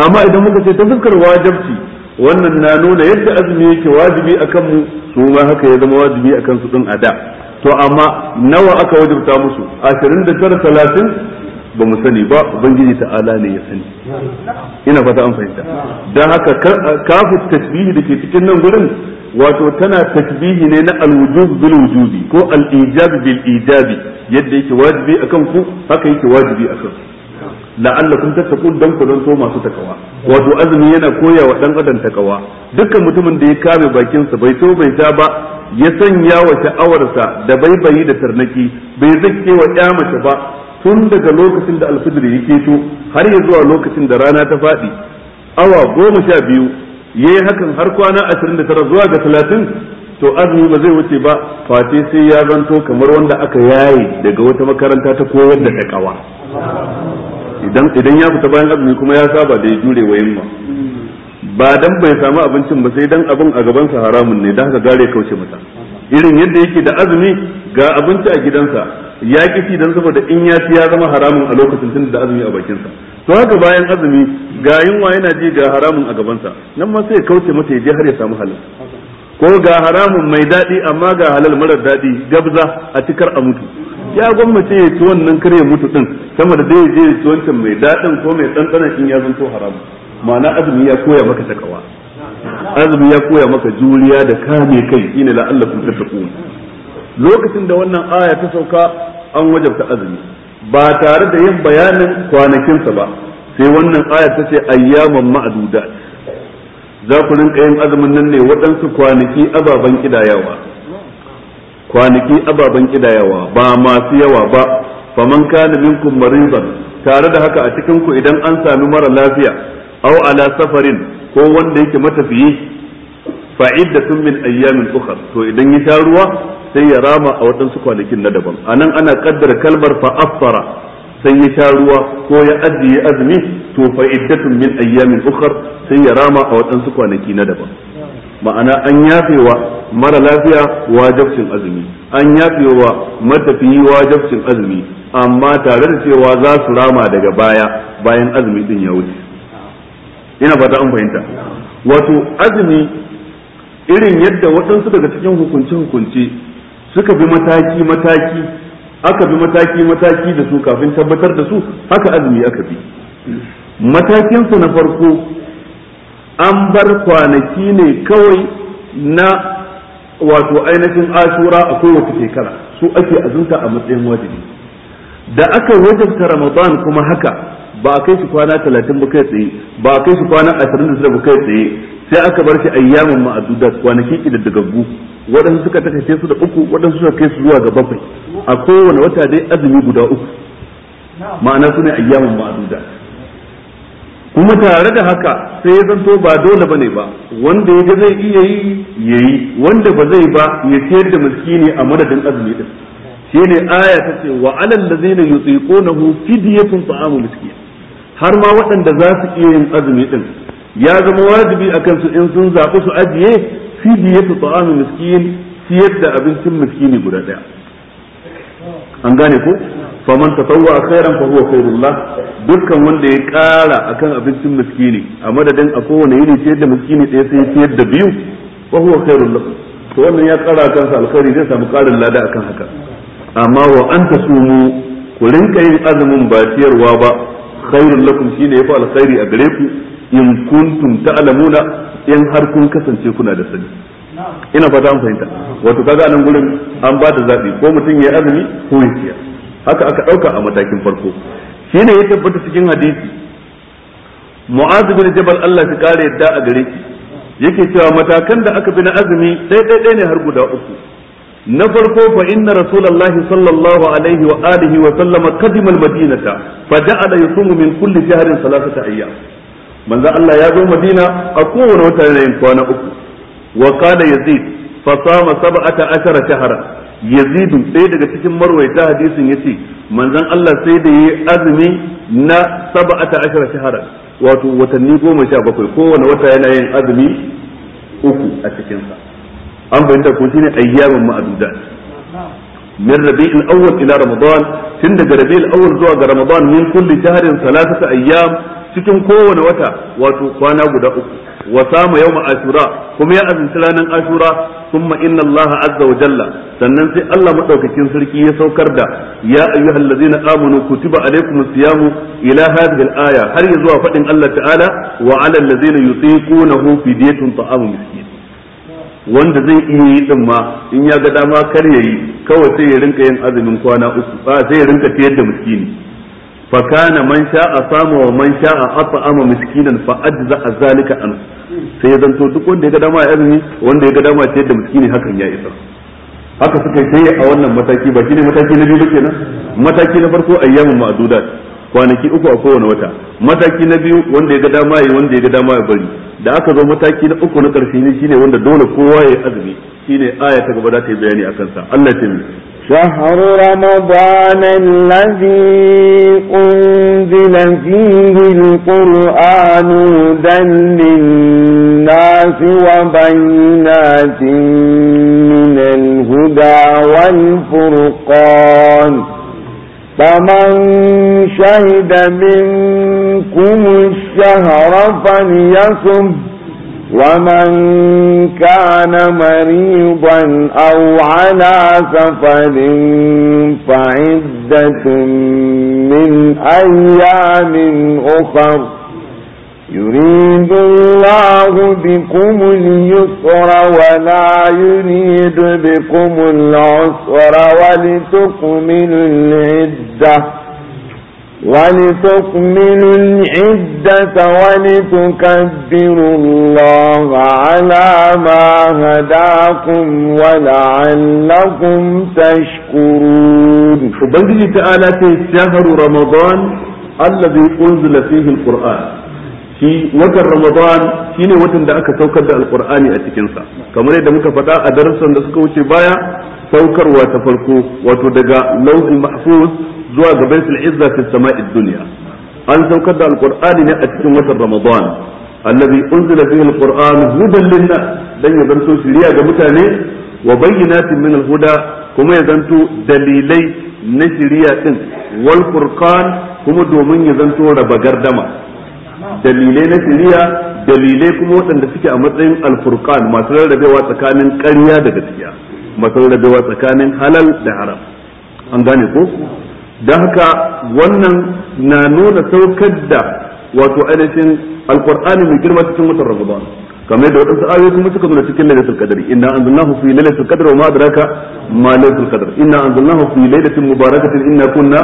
amma idan muka ce ta fuskar wajabci wannan na nuna yadda azumi yake wajibi akan mu su ma haka ya zama wajibi akan su din ada to amma nawa aka wajibta musu 29 30 ba mu sani ba ubangiji ta'ala ne ya sani ina fata an fahimta dan haka kafin tasbihi da ke cikin nan gurin wato tana tasbihi ne na alwujub bil wujubi ko al ijab bil ijabi yadda yake wajibi akan ku haka yake wajibi akan ku la'allakum tattaqun dan ku zanto masu takawa wato azumi yana koya wa dan adam takawa dukkan mutumin da ya kame bakin sa bai to bai ta ba ya sanya wa sha'awarsa da baibayi da tarnaki bai zake wa mace ba tun daga lokacin da alfijir ya to har ya zuwa lokacin da rana ta faɗi awa goma sha biyu ya yi hakan har kwana ashirin da tara zuwa ga talatin to azumi ba zai wuce ba face sai ya zanto kamar wanda aka yaye daga wata makaranta ta koyar da takawa idan idan ya fita bayan azumi kuma ya saba da ya jure wa yamma ba dan bai samu abincin ba sai dan abin a gaban sa haramun ne dan haka gare kauce mata irin yadda yake da azumi ga abinci a gidansa ya kici dan saboda in ya ci ya zama haramun a lokacin tun da azumi a bakin sa to haka bayan azumi ga yunwa yana ji ga haramun a gaban sa nan ma sai kauce mata ya je har ya samu halal ko ga haramun mai daɗi amma ga halal marar daɗi gabza a cikar a mutu ya gwamnati ya ci wannan kare ya mutu din sama da zai je ci wancan mai daɗin ko mai ɗanɗana in ya zanto haramu ma'ana azumi ya koya maka takawa azumi ya koya maka juriya da kame kai shine la'allakum tattaqun lokacin da wannan aya ta sauka an wajabta azumi ba tare da yin bayanin kwanakinsa ba sai wannan aya ta ce ayyaman ma'adudat za ku rinka yin azumin nan ne waɗansu kwanaki ababen kidayawa kwanaki ababen kidayawa ba masu yawa ba faman kana minkum maridan tare da haka a cikin ku idan an sami mara lafiya aw ala safarin ko wanda yake matafiyi iddatun min ayyamin ukhra to idan ya sha ruwa sai ya rama a waɗansu kwanakin na daban anan ana kaddara kalmar fa afsara sai ya sha ruwa ko ya ajiye azumi to iddatun min ayyamin ukhra sai ya rama a waɗansu kwanaki na daban ma'ana an yafewa mara lafiya wajabcin azumi an yafewa matafiyi wajabcin azumi amma tare da cewa za su rama daga baya bayan azumi din ya wuce ina fata an fahimta wato azumi irin yadda waɗansu daga cikin hukunce-hukunce suka bi mataki-mataki aka bi mataki-mataki da su kafin tabbatar da su haka azumi aka bi matakinsa na farko an bar kwanaki ne kawai na wato ainihin ashura a kowace shekara su ake azunta a matsayin wajibi da aka wajabta ramadan kuma haka ba a kai shi kwana talatin ba kai tsaye ba a kai shi kwana ashirin da ba kai tsaye sai aka bar shi ayyamin ma'adudat kwanaki kididdagaggu waɗansu suka kai su da uku waɗansu suka kai su zuwa ga bakwai a kowane wata dai azumi guda uku ma'ana su ne ayyamin ma'adudat kuma tare da haka sai ya zanto ba dole bane ba wanda ya zai iya yi ya yi. wanda ba zai ba ya sayar da miskini a madadin azumi din shine aya ta ce wa alal ladzina yutiqunahu fidyatun ta'amu miskin har ma waɗanda za su iya yin azumi din ya zama wajibi akan su in sun zaɓi su ajiye fidiyatu ta'amu miskin siyar da abincin miskini guda ɗaya an gane ko faman tatawwa khairan fa huwa khairullah dukkan wanda ya kara akan abincin miskini a madadin a kowane yini ciyar da miskini ɗaya sai ya ciyar da biyu fa huwa khairullah to wannan ya kara kansa alkhairi zai samu karin lada akan haka amma wa anta sumu ku rinka yin azumin ba ciyarwa ba khairul lakum shine fi alkhairi a gare ku in kuntum ta'lamuna in har kun kasance kuna da sani ina fata an fahimta wato kaga nan gurin an ba da zabi ko mutum ya azumi ko ya ciyar haka aka ɗauka a matakin farko ne ya tabbata cikin hadisi mu'az bin jabal Allah ya kare yadda a gare shi yake cewa matakan da aka bi na azumi dai dai ne har guda uku na farko fa inna rasulullahi sallallahu alaihi wa alihi wa sallama qadima madinata fa ja'ala yusumu min kulli shahrin salasata ayyam manzo Allah ya zo Madina a kowane wata ne kwana uku wa da yazid fa sama sab'ata ashara shahra yazidu ɗaya daga cikin marwaita hadisin ce manzon Allah sai da ya yi azumi na sab'ata ashara shahara wato watanni goma sha bakwai kowane wata yana yin azumi uku a cikin an bayyana ko shine ayyamin ma'dudat min rabi'il awwal ila ramadan tun daga rabi'il awwal zuwa ga ramadan min kulli shahrin salasata ayyam cikin kowane wata wato kwana guda uku ma sama yawma ashura kuma ya azumci ranar ashura thumma inna Allah azza wa jalla sannan sai Allah madaukakin sarki ya saukar da ya ayyuhallazina amanu kutiba alaykumus siyamu ila hadhihi al-aya har zuwa faɗin Allah ta'ala wa 'alal ladzina yutiqunahu fidyatun ta'amu miskin wanda zai iya yi din ma in ya ga dama kar yayi kawai sai ya rinka yin azumin kwana uku sai ya rinka ciyar da miskini فكان من man صام sama wa man مسكينا at'ama ذلك fa ajza'a zalika an sai ya zanto duk wanda ya ga dama azumi wanda ya ga dama ce da miskini hakan ya isa haka suka yi a wannan mataki ba shine mataki na biyu ba kenan mataki na farko ayyamin ma'dudat kwanaki uku a kowane wata mataki na biyu wanda ya ga dama yi wanda ya ga dama ya bari da aka zo mataki na uku na karshe ne shine wanda dole kowa ya azumi shine aya ta gaba da ta yi bayani akan sa Allah ya شهر رمضان الذي أنزل فيه القرآن هدى للناس وبينات من الهدى والفرقان فمن شهد منكم الشهر فليصب ومن كان مريضا أو على سفر فعدة من أيام أخر يريد الله بكم اليسر ولا يريد بكم العسر ولتكمل العده ولتكملوا العدة ولتكبروا الله على ما هداكم ولعلكم تشكرون وبنجي تعالى شهر رمضان الذي أنزل فيه القرآن في وقت رمضان شين وقت دعك توقف القرآن أتكنسا كما يدى مكفتا أدرسا نسكوش بايا saukarwa ta farko wato daga lauhin mahfuz zuwa ga baitul izza fi sama'id dunya an saukar da alqur'ani ne a cikin watan ramadan alladhi unzila fihi alqur'an hudan linna dan ya zanto shiriya ga mutane wa bayyinatin min alhuda kuma ya zanto dalilai na shiriya din wal furqan kuma domin ya zanto raba gardama dalilai na shiriya dalilai kuma waɗanda suke a matsayin alfurkan masu rarrabewa tsakanin ƙarya da gaskiya masarrabewa tsakanin halal da haram an gane ko don haka wannan na nuna saukar da wato ainihin alkur'ani mai girma cikin watan ramadan kamar da wadansu ayoyi kuma suka zo da cikin lailatul qadr inna anzalnahu fi lailatul qadr wa ma adraka ma lailatul qadr inna anzalnahu fi lailatin mubarakatin inna kunna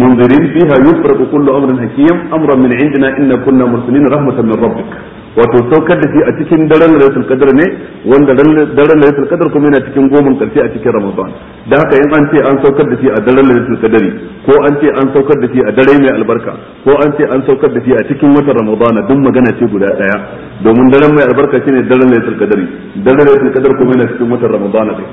munzirin fiha yufraqu kullu amrin hakim amran min indina inna kunna mursalin rahmatan min rabbik wato saukar da shi a cikin daren lailatul qadr ne wanda daren lailatul qadr kuma yana cikin goman karshe a cikin ramadan da haka in an ce an saukar da shi a daren lailatul qadr ko an ce an saukar da shi a dare mai albarka ko an ce an saukar da shi a cikin watan ramadan duk magana ce guda daya domin daren mai albarka shine daren lailatul qadr daren lailatul qadr kuma yana cikin watan ramadan ne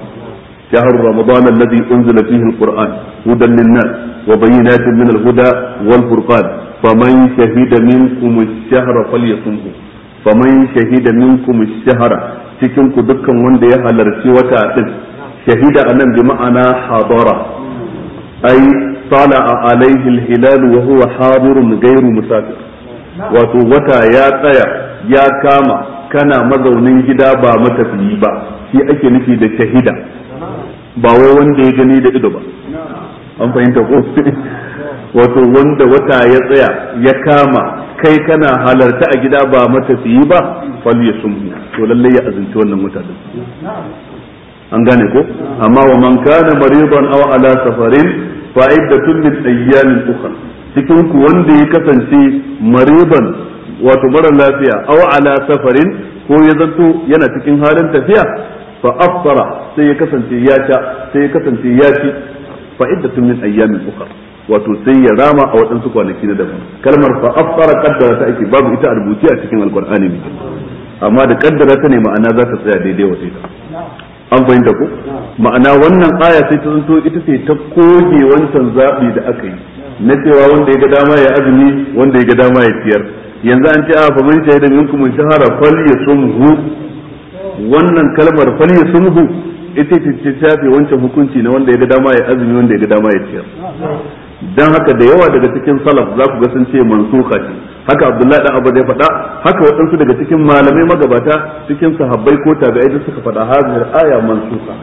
شهر رمضان الذي أنزل فيه القرآن هدى للناس وبينات من الهدى والفرقان فمن شهد منكم الشهر فليصمه faman shahida mu shahara cikin ku dukkan wanda ya halarci wata din shahida anan bi ma'ana hadara ai sala alaihi al-hilal wa huwa hadirun ghairu musafir wato wata ya tsaya ya kama kana mazaunin gida ba matafiyi ba shi ake nufi da shahida ba wai wanda ya gani da ido ba an fahimta ko wato wanda wata ya tsaya ya kama kai kana halarta a gida ba matafiyi ba fal ya sumhu to lalle ya azunci wannan wata an gane ko amma wa man kana maridan aw ala safarin fa iddatun min ayyamin ukhra cikin ku wanda ya kasance mariban wato mara lafiya aw ala safarin ko ya zanto yana cikin halin tafiya fa afsara sai ya kasance ya ta sai ya kasance ya ci fa iddatun min ayyamin ukhra wato sai ya rama a waɗansu kwanaki na daban kalmar fa afara kaddara ta ake babu ita a rubuce a cikin alqur'ani ne amma da kaddara ta ne ma'ana za ta tsaya daidai wata ita an fahimta ko ma'ana wannan aya sai ta zanto ita ce ta koge wancan zabi da aka yi na cewa wanda ya ga dama ya azumi wanda ya ga dama ya tiyar yanzu an ce a fa man shahida minkum shahara fal falyasumhu wannan kalmar fal falyasumhu ita ce ta shafe wancan hukunci na wanda ya ga dama ya azumi wanda ya ga dama ya tiyar dan haka da yawa daga cikin salaf za ku ga sun ce mansuka ce haka abdullahi dan abu zai faɗa haka waɗansu daga cikin malamai magabata cikin sahabbai ko tabi'ai suka faɗa hazir aya mansuka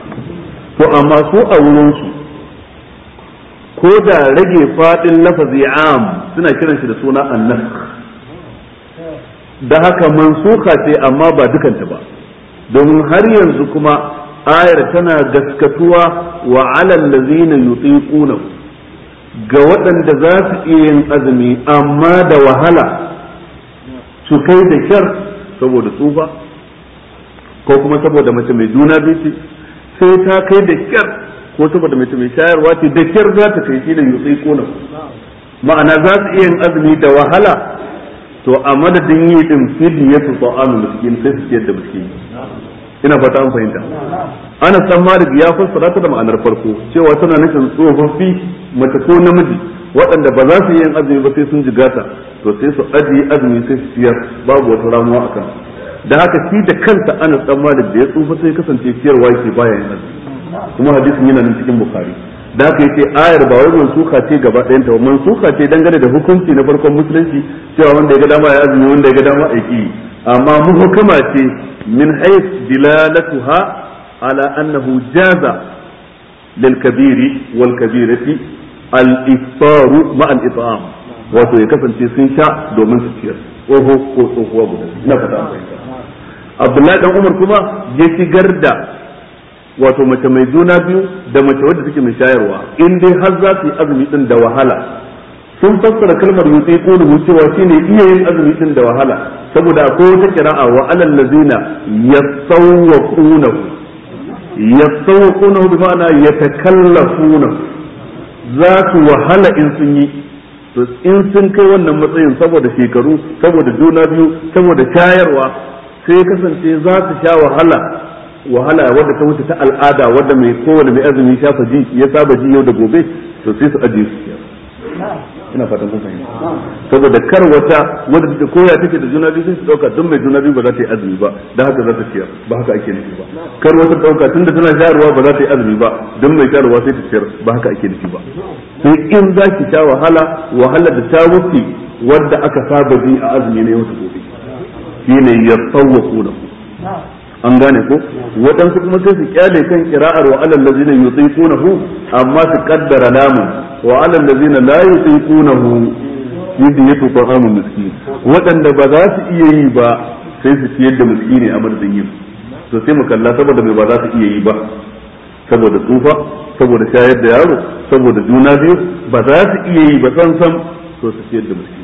to amma su a wurin su ko da rage faɗin lafazi am suna kiran shi da suna annas. da haka mansuka ce amma ba dukanta ba domin har yanzu kuma ayar tana gaskatuwa wa alal ladzina yutiquna ga waɗanda za su iya yin azumi amma da wahala su kai da kyar saboda tsufa ko kuma saboda mace mai juna biyu sai ta kai da kyar ko saboda mace mai shayarwa ce da kyar za ta kai shi da yutsi kona ma'ana za su iya yin azumi da wahala to a madadin yi din fidiyatu ta'amu miskin sai su ciyar da miskin ina fata an fahimta ana dan Malik ya fassara ta da ma'anar farko cewa tana nufin tsofaffi mace ko namiji waɗanda ba za su yi azumi ba sai sun gata to sai su ajiye azumi sai su siyar babu wata ramuwa a kan da haka shi da kanta ana dan Malik da ya tsufa sai kasance siyarwa yake baya yin azumi kuma hadisin yana nan cikin bukari da haka yake ayar ba wai mansuka ce gaba ɗayan ta mansuka ce dangane da hukunci na farkon musulunci cewa wanda ya ga dama ya azumi wanda ya ga dama ya amma muhkama ce min hayth dilalatuha ala annahu jaza lil kabiri wal kabirati al iftaru ma al it'am wato ya kasance sun sha domin su ciyar tsoho ko tsohuwa guda ina fata Abdullahi dan Umar kuma ya shigar da wato mace mai juna biyu da mace wadda take mai shayarwa in dai har za su yi azumi din da wahala sun fassara kalmar yutai ko da cewa shine iya yin azumi din da wahala saboda akwai wata kira'a wa alal ladina yasawwaqunahu yasawwaqunahu bi ma'ana yatakallafuna za su wahala in sun yi to in sun kai wannan matsayin saboda shekaru saboda juna biyu saboda shayarwa sai kasance za su sha wahala wahala wadda ta wuce ta al'ada wadda mai kowane mai azumi ji ya saba ji yau da gobe to sai su ajiye su ina fatan kun fahimta saboda kar wata wanda take koya take da juna biyu sai su dauka duk mai juna biyu ba za ta yi azumi ba dan haka za ta ciyar ba haka ake nufi ba kar wata dauka tunda tana shayarwa ba za ta yi azumi ba dan mai shayarwa sai ta ciyar ba haka ake nufi ba sai in za ki ta wahala wahala da ta wuce wadda aka saba bi a azumi ne wata gobe shine ya tsawwa ku da ku an gane ko waɗansu kuma sai su kyale kan kira'ar wa alal ladzina yutiqunahu amma su qaddara lamun wa alal ladzina la yutiqunahu yudiyatu ta'amun miskin waɗanda ba za su iya yi ba sai su ciyar da miskini a madadin yin to sai mu kalla saboda mai ba za su iya yi ba saboda tsufa saboda shayar da yaro saboda juna biyu ba za su iya yi ba san san to su ciyar da miskini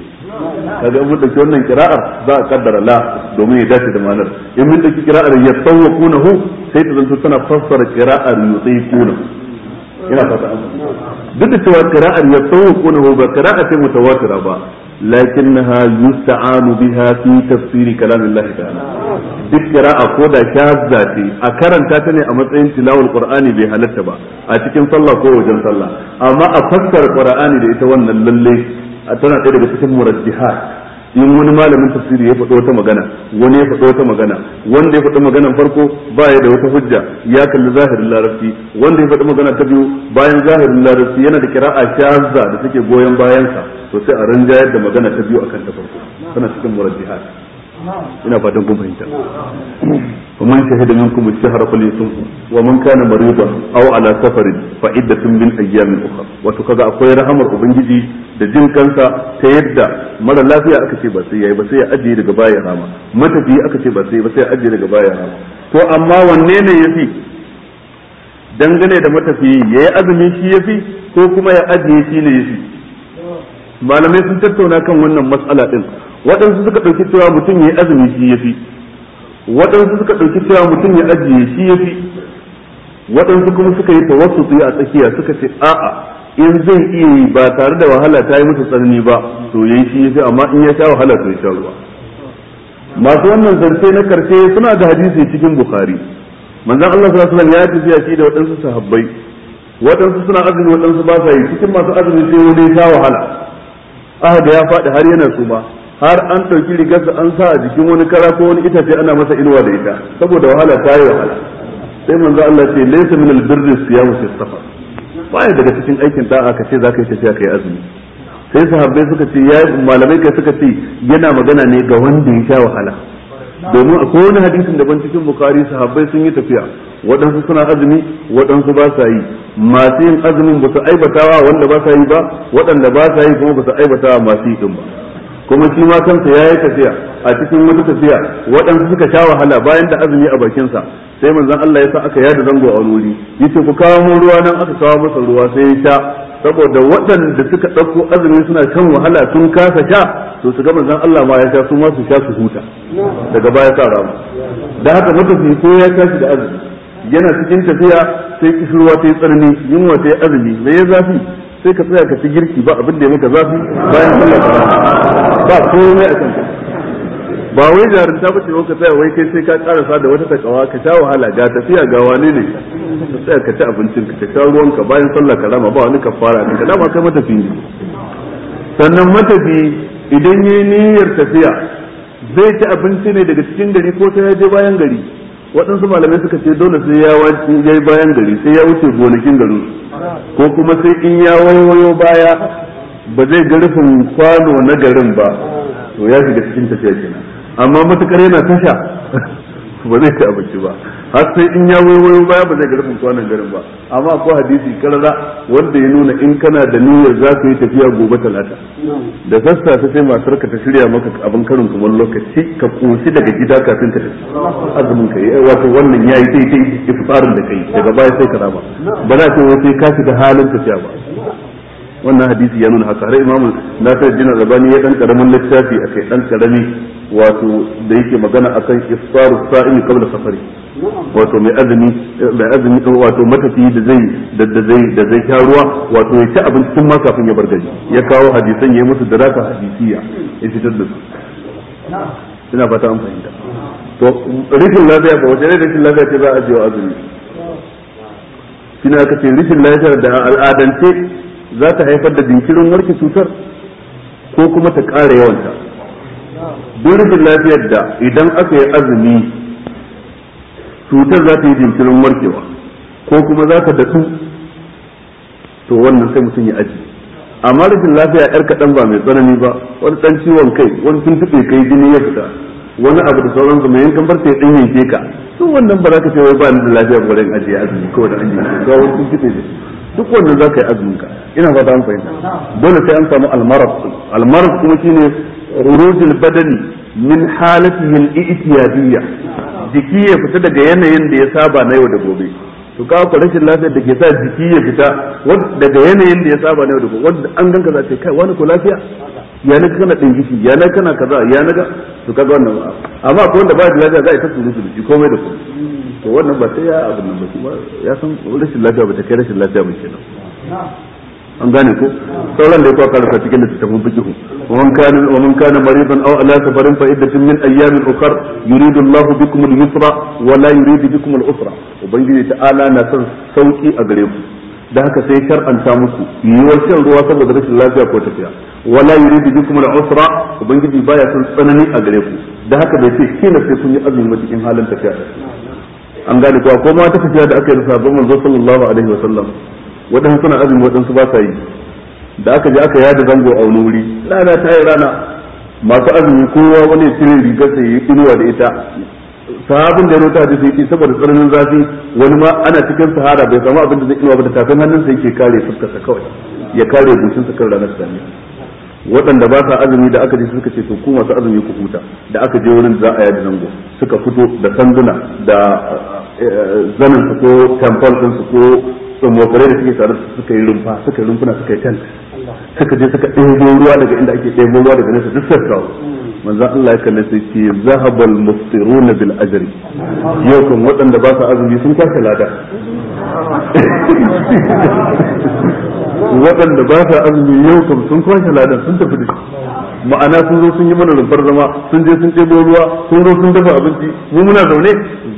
kaga mun dauki wannan kira'ar za a kaddara la domin ya dace da ma'anar in mun dauki kira'ar ya hu. sai ta zanto tana fassara kira'ar kuna. ina fata duk da cewa kira'ar ya hu ba kira'a ce mutawatira ba lakinnaha yusta'anu biha fi تفسير كلام ta'ala duk kira'a ko da shazza ce a karanta ta ne a matsayin tilawul qur'ani bai halatta ba a cikin sallah ko wajen sallah amma a fassara qur'ani da ita wannan lalle a tana ɗaya daga cikin murajjihat in wani malamin tafsiri ya faɗo wata magana wani ya faɗo wata magana wanda ya faɗi maganan farko baya da wata hujja ya kalli zahirin larabci wanda ya faɗi magana ta biyu bayan zahirin larabci yana da kira a shazza da take goyon bayansa to sai a ranjayar da magana ta biyu akan ta farko tana cikin murajjihat ina fatan kun fahimta wa man shahida minkum ash-shahra falyasumhu wa man kana maridan aw ala safarin fa iddatun min ayyamin ukhra wato kaga akwai rahamar ubangiji da jin kansa ta yadda mara lafiya aka ce ba sai yayi ba sai ya ajiye daga baya rama matafi aka ce ba sai ba sai ya ajiye daga baya rama to amma wanne ne yafi dangane da matafiyi yayi azumi shi yafi ko kuma ya ajiye shi ne yafi malamai sun tattauna kan wannan matsala din waɗansu suka ɗauki cewa mutum ya yi azumi shi ya fi waɗansu suka ɗauki cewa mutum ya ajiye shi ya fi waɗansu kuma suka yi tsaye a tsakiya suka ce a'a in zai iya yi ba tare da wahala ta yi masa tsanani ba to ya yi shi ya fi amma in ya sha wahala to ya sha ruwa masu wannan zance na karshe suna da hadisi cikin bukhari manzan Allah sallallahu alaihi wasallam ya tafiya shi da waɗansu sahabbai waɗansu suna azumi waɗansu ba sa yi cikin masu azumi sai wani ya sha wahala aka da ya faɗi har yana su ba har an ɗauki rigarsa an sa a jikin wani kara ko wani itace ana masa inuwa da ita saboda wahala ta yi wahala sai manzo Allah ce laysa min albirri siyamu fi safar baya daga cikin aikin da'a ka ce zaka yi tafiya yi azumi sai sahabbai suka ce ya malamai kai suka ce yana magana ne ga wanda ya sha wahala domin akwai wani hadisin daban cikin bukari sahabbai sun yi tafiya waɗansu suna azumi waɗansu ba sa yi masu yin azumin ba su aibatawa wanda ba sa yi ba waɗanda ba sa yi kuma ba su aibatawa masu yi ɗin ba kuma shi ma kansa yayi tafiya a cikin wata tafiya waɗansu suka sha wahala bayan da azumi a bakinsa sai manzon Allah ya sa aka yada zango a wuri yace ku kawo mu ruwa nan aka kawo masa ruwa sai ya sha saboda waɗanda suka ɗauko azumi suna kan wahala sun kasa sha to su ga manzon Allah ma ya sha su ma su sha su huta daga baya sa ramu da haka matafi ko ya tashi da azumi yana cikin tafiya sai kishirwa ta yi tsanani yunwa ta yi azumi mai ya zafi sai ka tsaya ka ci girki ba abin da ya maka zafi bayan sallar ba komai a kan ba wai jarinta ba ce ka tsaya wai kai sai ka karasa da wata takawa ka sha wahala ga tafiya ga wani ne ka tsaya ka ci abincin ka sha ruwanka bayan sallar ka rama ba wani ka fara ka dama kai matafi ne sannan matafi idan yayi niyyar tafiya zai ci abinci ne daga cikin gari ko ta yaje bayan gari waɗansu malamai suka ce dole sai ya wanci ya yi bayan gari sai ya wuce gonakin gari ko kuma sai in ya wayo baya ba zai ga rufin kwano na garin ba to ya shiga cikin tafiya kenan amma matukar yana tasha ba zai ci abinci ba har sai in ya waiwayo baya ba zai ga rufin kwanan garin ba amma akwai hadisi karara wanda ya nuna in kana da niyyar za ka yi tafiya gobe talata da sassafe sai matar ta shirya maka abin karin kuma lokaci ka kusi daga gida kafin ka tafi azumin ka yi wato wannan yayi sai ta iftarin da kai daga baya sai ka raba ba za ce yi sai ka shiga halin tafiya ba wannan hadisi ya nuna haka har imamu na nasir jina rabani ya dan karamin littafi a kai dan karami wato da yake magana akan isfaru sa'im qabla safari wato mai azumi mai azumi wato matafi da zai da zai da zai ruwa wato ya ci abin tun ma kafin ya bar gari ya kawo hadisan ya musu daraka hadisiya ya fitar da su ina fata an fahimta to rikin lafiya ba wajen rikin lafiya ce ba a je wa azumi kina ka ce rikin lafiya da al'adance za ta haifar da jinkirin warke cutar ko kuma ta ƙara yawanta duk da lafiyar da idan aka yi azumi cutar za ta yi jinkirin warkewa ko kuma za ta daɗu to wannan sai mutum ya aji amma rashin lafiya yar kaɗan ba mai tsanani ba wani ɗan ciwon kai wani tuntuɓe kai jini ya fita wani abu da sauransu mai yankan barta ya ɗan yanke ka to wannan ba za ka ce wai ba ni da lafiya ba ajiye azumi kawai da an yanke ka wani tuntuɓe duk wannan za ka yi azumin ka ina ba an fahimta dole sai an samu almarad almarad kuma shine rujul badani min halatihi al-i'tiyadiyya jiki ya fita daga yanayin da ya saba na yau da gobe to ka ku rashin lafiya da ke sa jiki ya fita daga yanayin da ya saba na yau da gobe wanda an ganka za ta kai wani ko lafiya ya na kana jiki ya na kana kaza ya na ga to kaga wannan amma akwai wanda ba da lafiya za a yi ta surutu da komai da komai to wannan ba sai ya abin nan ba ya san rashin lafiya ba ta kai rashin lafiya ba kenan an gane ko sauran da ya kwaka rasa cikin littattafan fikihu wa man kana maridan aw ala safarin fa iddatun min ayyamin ukhra yuridu bikum al-yusra wa la yuridu bikum al-usra ubangiji ta'ala na son sauki a gare ku da haka sai shar'anta muku yiwuwar shan ruwa saboda rashin lafiya ko tafiya wala yuridu bikum al-usra ubangiji baya son tsanani a gare ku da haka bai ce kina sai yi azumi cikin halin tafiya an gane ko ma ta tafiya da aka yi sabon manzo sallallahu alaihi wa sallam waɗansu suna azumi waɗansu ba sa yi da aka je aka yada zango a wani wuri rana ta yi rana masu azumi kowa wani cire rigar sai inuwa da ita sahabin da ya rota da sai saboda tsananin zafi wani ma ana cikin sahara bai samu abin da zai inuwa ba da tafin hannun sa yake kare fuskarsa kawai ya kare gushinsa kan ranar sami waɗanda ba sa azumi da aka je suka ce to masu azumi ku huta da aka je wurin za a yada zango suka fito da sanduna da eh, eh, zanin su ko tamfal din su ko tsummokare da suke tsare suka yi rumfa suka yi rumfuna suka yi tent suka je suka ɗebo ruwa daga inda ake ɗebo ruwa daga nesa duk sarka manzo Allah ya kalle sai ce zahabal mufsiruna bil ajri yau kan waɗanda ba su azumi sun kwashe lada waɗanda ba su azumi yau kan sun kwashe lada sun tafi da ma'ana sun zo sun yi mana rumfar zama sun je sun ɗebo ruwa sun zo sun dafa abinci mu muna zaune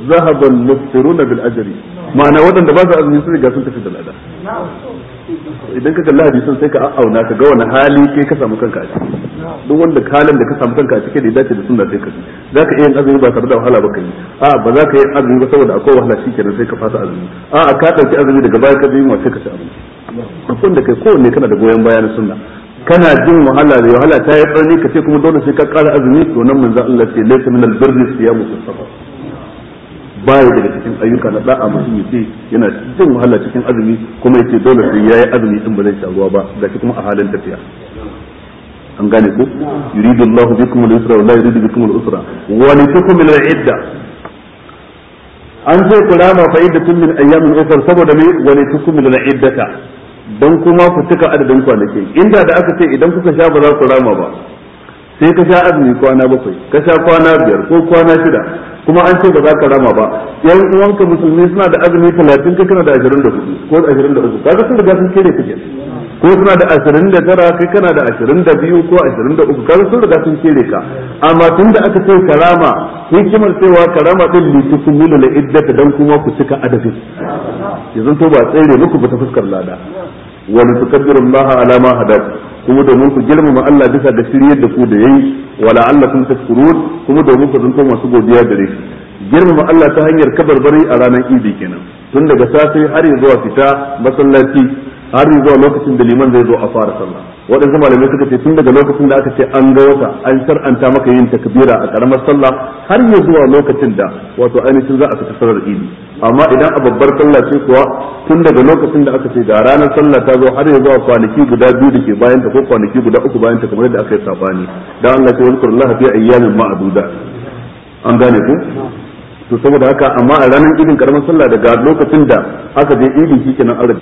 zahaban mufsiruna bil ajri ma'ana waɗanda ba su azumi sun riga sun tafi da lada idan ka kalla hadisin sai ka auna ka ga wani hali ke ka samu kanka a ciki duk wanda halin da ka samu kanka a ciki da ya dace da sunna sai ka za ka iya yin azumi ba tare da wahala ba kai a ba za ka yi azumi ba saboda akwai wahala shikenan sai ka fasa azumi a ka dauki azumi daga baya ka bi mu sai ka ci abinci duk wanda kai kowanne kana da goyon baya na sunna kana jin wahala da wahala ta yi tsarni ka ce kuma dole sai ka ƙara azumi to nan manzo Allah ce laysa min albirri siyamu safar baya daga cikin ayyuka na da'a mutum ya ce yana jin wahala cikin azumi kuma ya ce dole sai yayi azumi din ba zai sha ruwa ba gashi kuma a halin tafiya an gane ko yuridu Allah bikum al-yusra wa la yuridu bikum al-usra wa li tukmilu al-idda an ce kurama fa iddatun min ayyamin ukhra saboda me wa li tukmilu al-iddata don kuma ku cika adadin kwanaki inda da aka ce idan kuka sha ba za ku rama ba sai ka sha azumi kwana bakwai ka sha kwana biyar ko kwana shida kuma an ce ba za ka rama ba yan uwanka musulmi suna da azumi talatin kai kana da ashirin da hudu ko ashirin da uku kaga sun riga sun kere kake ko suna da ashirin da tara kai kana da ashirin da biyu ko ashirin da uku kaga sun riga sun kere ka amma tun da aka ce karama hikimar cewa karama din li tukumilu la iddata dan kuma ku cika adadin yanzu to ba tsere muku ba ta fuskar lada wa litukabbiru Allah ala ma kuma domin ku girmama Allah bisa da shiryar da ku da yayi wa la'allakum tashkurun kuma domin ku zanto masu godiya gare shi girmama Allah ta hanyar kabarbari a ranar Idi kenan tun daga safe har zuwa fita masallaci har zuwa lokacin da liman zai zo a fara sallah waɗansu malamai suka ce tun daga lokacin da aka ce an ga wata an shar'anta maka yin takbira a karamar sallah har ya zuwa lokacin da wato ainihin za a fita sarar idi amma idan a babbar sallah ce kuwa tun daga lokacin da aka ce da ranar sallah ta zo har ya zuwa kwanaki guda biyu da ke bayan ta ko kwanaki guda uku bayan ta kamar yadda aka yi sabani dan Allah ya wazkur Allah fi ayyamin ma'duda an gane ku to saboda haka amma a ranar idin karamar sallah daga lokacin da aka je idi shikenan an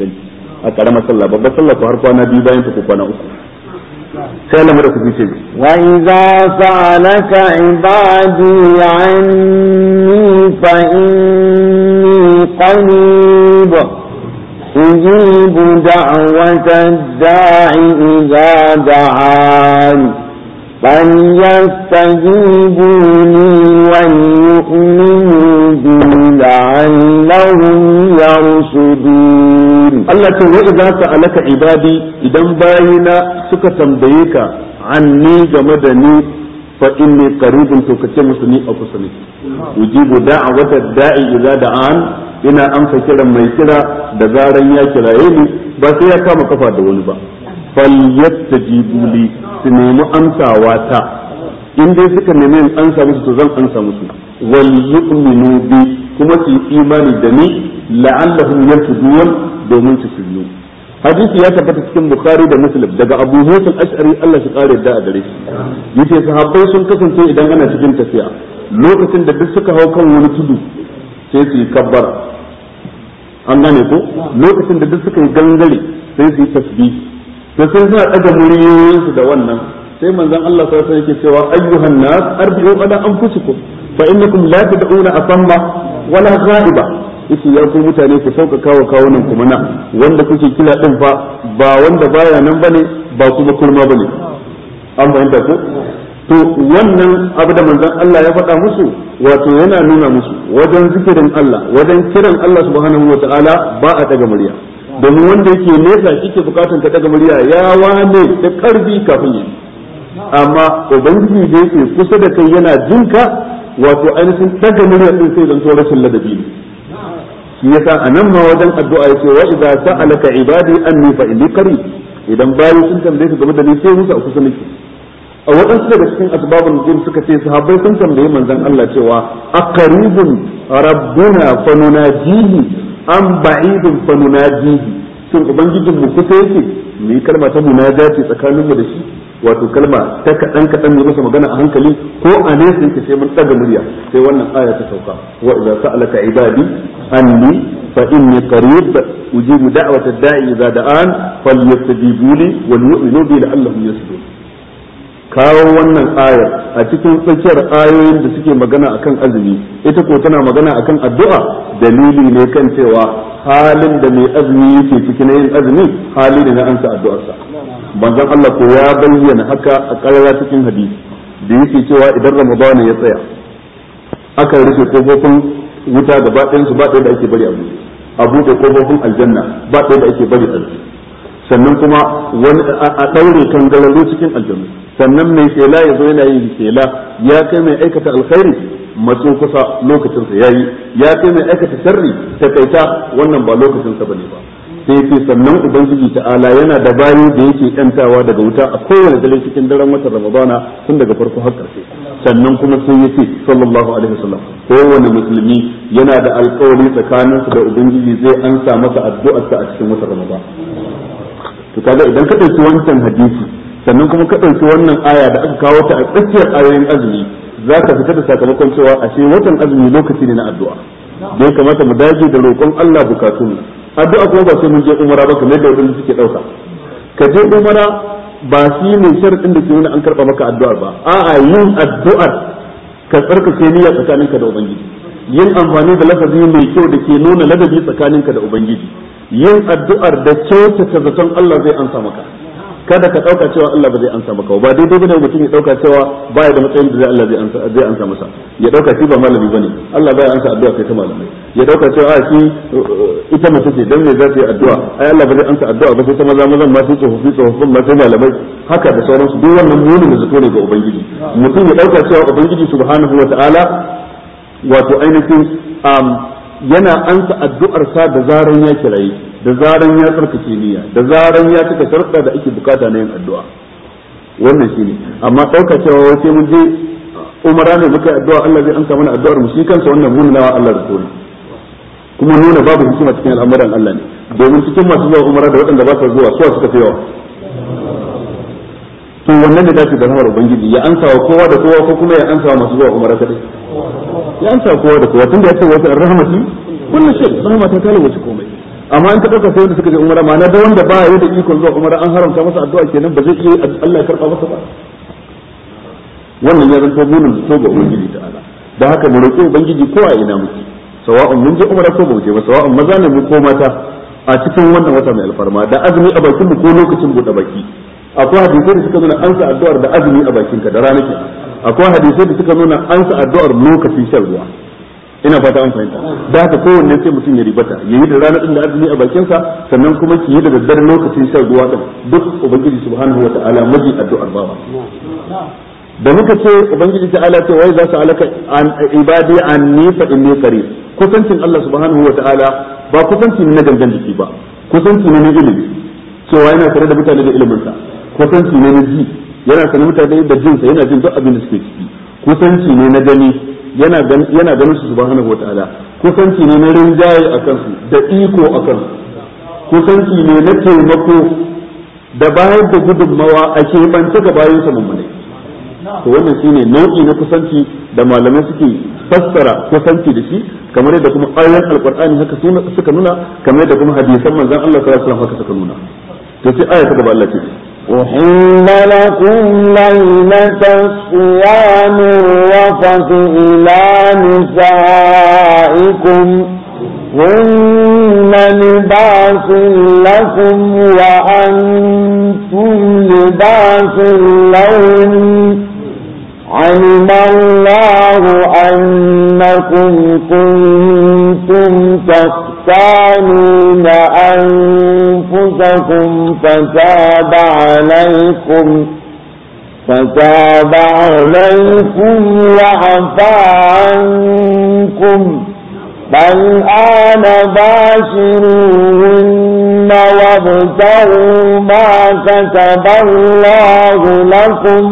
inganci a karamar sallah babbar sallah ko har kwana biyu bayan ku ko kwana uku sai Allah da ku fice bi wa idza sa'alaka ibadi anni fa inni qanib ujibu da'watan da'i idza da'ani Allah ce wani za ka alaka ibadi idan bayina suka tambaye ka an game da ni fa'in ne karibin tokacin musulmi a kusa ne. guda a wata da'i guda da an ina an fa kira mai kira da zaran ya kiraye ni ba sai ya kama ƙafa da wani ba. falyastajibu jibuli su nemi amsawa ta in dai suka nemi in ansa musu to zan ansa musu wal yu'minu bi kuma su imani da ni la'allahum yartadun domin su shiryu hadisi ya tabbata cikin bukhari da muslim daga abu hussein ash'ari Allah shi kare da a gare shi yace sahabbai sun kasance idan ana cikin tafiya lokacin da duk suka hau kan wani tudu sai su kabbara an gane ko lokacin da duk suka yi gangare sai su yi da sai suna ɗaga muryoyinsu da wannan sai manzon Allah sai sai yake cewa ayyuhan nas arbi'u ala anfusikum fa innakum la tad'una asamma wala ghaiba yace ya ku mutane ku kawo kawo kawunan ku mana wanda kuke kila din fa ba wanda baya nan bane ba kuma kurma bane an fahimta ko to wannan abu da manzon Allah ya faɗa musu wato yana nuna musu wajen zikirin Allah wajen kiran Allah subhanahu wataala ba a daga murya domin wanda yake nesa shi ke bukatan ta daga murya ya wane da karfi kafin yi amma ubangiji da yake kusa da kai yana jinka wato ainihin daga murya din sai zanto rashin ladabi ne shi yasa anan ma wajen addu'a yake wa idza sa'alaka ibadi anni fa inni qarib idan bayi sun tambaye ka game da ni sai musu a kusa nake a waɗansu daga cikin asbabun din suka ce sahabbai sun tambaye manzon Allah cewa aqribun rabbuna fa nunajihi an ba'idun fa nunajihi shin ubangijin mu kusa yake mu yi kalma ta ce tsakanin mu da shi wato kalma ta kadan kadan mu masa magana a hankali ko a nesa yake sai mun daga murya sai wannan aya ta sauka wa idza sa'alaka ibadi anni fa inni qarib ujibu da'wata da'i idza da'an falyastajibuli wal yu'minu bi la'allahum yasdun kawo wannan ayar a cikin tsakiyar ayoyin da suke magana akan azumi ita ko tana magana akan addu'a dalili ne kan cewa halin da mai azumi yake cikin yin azumi hali da na ansa addu'arsa ga Allah ko ya bayyana haka a karara cikin hadisi da yake cewa idan Ramadan ya tsaya aka rufe kofofin wuta gaba ɗayan ba ɗaya da ake bari a buɗe kofofin aljanna ba ɗaya da ake bari a sannan kuma wani a ɗaure kan galalo cikin aljanna sannan mai shela ya zo yana yin shela ya kai mai aikata alkhairi matsu kusa lokacinsa sa yayi ya kai mai aikata sharri ta kaita wannan ba lokacinsa ba ne ba sai ce sannan ubangiji ta'ala yana da bayi da yake yantawa daga wuta a kowane dare cikin daren watan ramadana tun daga farko har karshe sannan kuma sai ce sallallahu alaihi wasallam kowane musulmi yana da alkawari tsakaninsa da ubangiji zai ansa masa addu'arsa a cikin watan ramadana to kaga idan ka dauki wancan hadisi sannan kuma ka ɗauki wannan aya da aka kawo ta a tsakiyar ayoyin azumi za ka fita da sakamakon cewa ashe watan azumi lokaci ne na addu'a da ya kamata mu dage da roƙon Allah bukatu ne addu'a kuma ba sai mun je umara ba kamar da wanda suke ɗauka ka je umara ba shi ne sharɗin da ke nuna an karɓa maka addu'ar ba a'a yin addu'ar ka tsarkake niyya tsakaninka da ubangiji yin amfani da lafazi mai kyau da ke nuna ladabi tsakaninka da ubangiji yin addu'ar da kyautata zaton Allah zai ansa maka kada ka dauka cewa Allah ba zai ansa maka ba daidai bane mutum ya dauka cewa baya da matsayin da zai Allah zai ansa zai ansa masa ya dauka shi ba malami bane Allah baya ansa addu'a kai ta malamai ya dauka cewa a shi uh, ita mace ce dan me za ta yi addu'a ai Allah ba zai ansa addu'a ba sai ta maza maza ma sai hufi tsofaffin ma sai malamai haka da sauransu duk wannan muni da zato ne ga ubangiji mutum ya dauka cewa ubangiji subhanahu wataala wato ainihin um, yana ansa addu'ar sa da zaran ya kirayi da zaran ya tsarkake niyya da zaran ya cika sharuɗa da ake bukata na yin addu'a wannan shine amma ɗauka cewa wace mun je umara ne muka addu'a Allah zai ansa mana addu'ar mu shi kansa wannan nawa Allah da tsori kuma nuna babu hikima cikin al'amuran Allah ne domin cikin masu zuwa umara da waɗanda ba su zuwa suwa suka fi yawa to wannan ne dace da rahmar ubangiji ya ansa wa kowa da kowa ko kuma ya ansa wa masu zuwa umara kadai ya amsa kowa da kowa tunda ya ce wata rahmati kullu shay rahmata ta lalace komai amma an ka dauka sai da suka je umara na da wanda ba ya da ikon zuwa umara an haramta masa addu'a kenan ba zai iya Allah ya karba masa ba wannan ya zanto burin to ga ubangiji ala da haka mu roƙi ubangiji ko a ina muke sawa'un mun je umara ko ba mu je ba sawa'un maza ne mu ko mata a cikin wannan wata mai alfarma da azumi a bakin mu ko lokacin buɗe baki akwai hadisai da suka nuna an sa addu'ar da azumi a bakin ka da rana akwai hadisai da suka nuna an sa addu'ar lokacin shan ruwa ina fata an fahimta da haka kowanne sai mutum ya ribata ya yi da rana din da azumi a bakin sa sannan kuma ki yi da daddare lokacin shan ruwa din duk ubangiji subhanahu wataala maji addu'ar bawa da muka ce ubangiji ta'ala ce wai za su alaka ibadi an anni fa inni qarib kusancin Allah subhanahu wataala ba kusanci ne na gangan jiki ba kusanci ne na ilimi cewa yana tare da mutane da ilimin sa kusanci ne na ji yana sanin mutane da jinsa yana jin duk abin da suke ciki kusanci ne na gani yana yana ganin su subhanahu wataala kusanci ne na rinjaye akan su da iko akan su kusanci ne na taimako da bayar da gudunmawa a keɓance ga bayan sa mummunai to wannan shine nau'i na kusanci da malamai suke fassara kusanci da shi kamar yadda kuma ayoyin alqur'ani haka suka nuna kamar yadda kuma hadisan manzon Allah sallallahu alaihi wasallam haka suka nuna to sai aya ta gaba Allah ce أحل لكم ليلة الصيام الرفث إلى نسائكم هن لباس لكم وأنتم لباس لهم علم الله أنكم كنتم تختانون أنفسكم فتاب عليكم فتاب عليكم وعفى عنكم بل آن باشروهن وابتغوا ما كتب الله لكم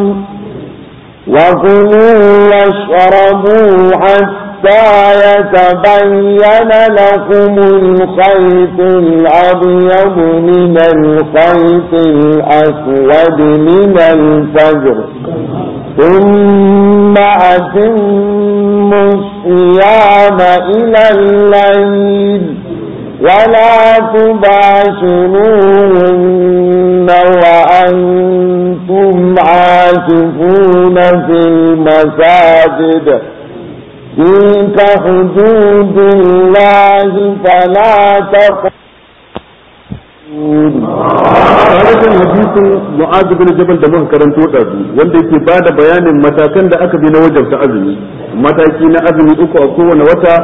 وكلوا واشربوا حتى حتى يتبين لكم الخيط الأبيض من الخيط الأسود من الفجر ثم أتم الصيام إلى الليل ولا تباشرون وأنتم عاكفون في المساجد تلك الله فلا hadisin mu'adh bin jabal da muka karanto da wanda yake ba da bayanin matakan da aka bi na wajabta azumi mataki na azumi uku a kowane wata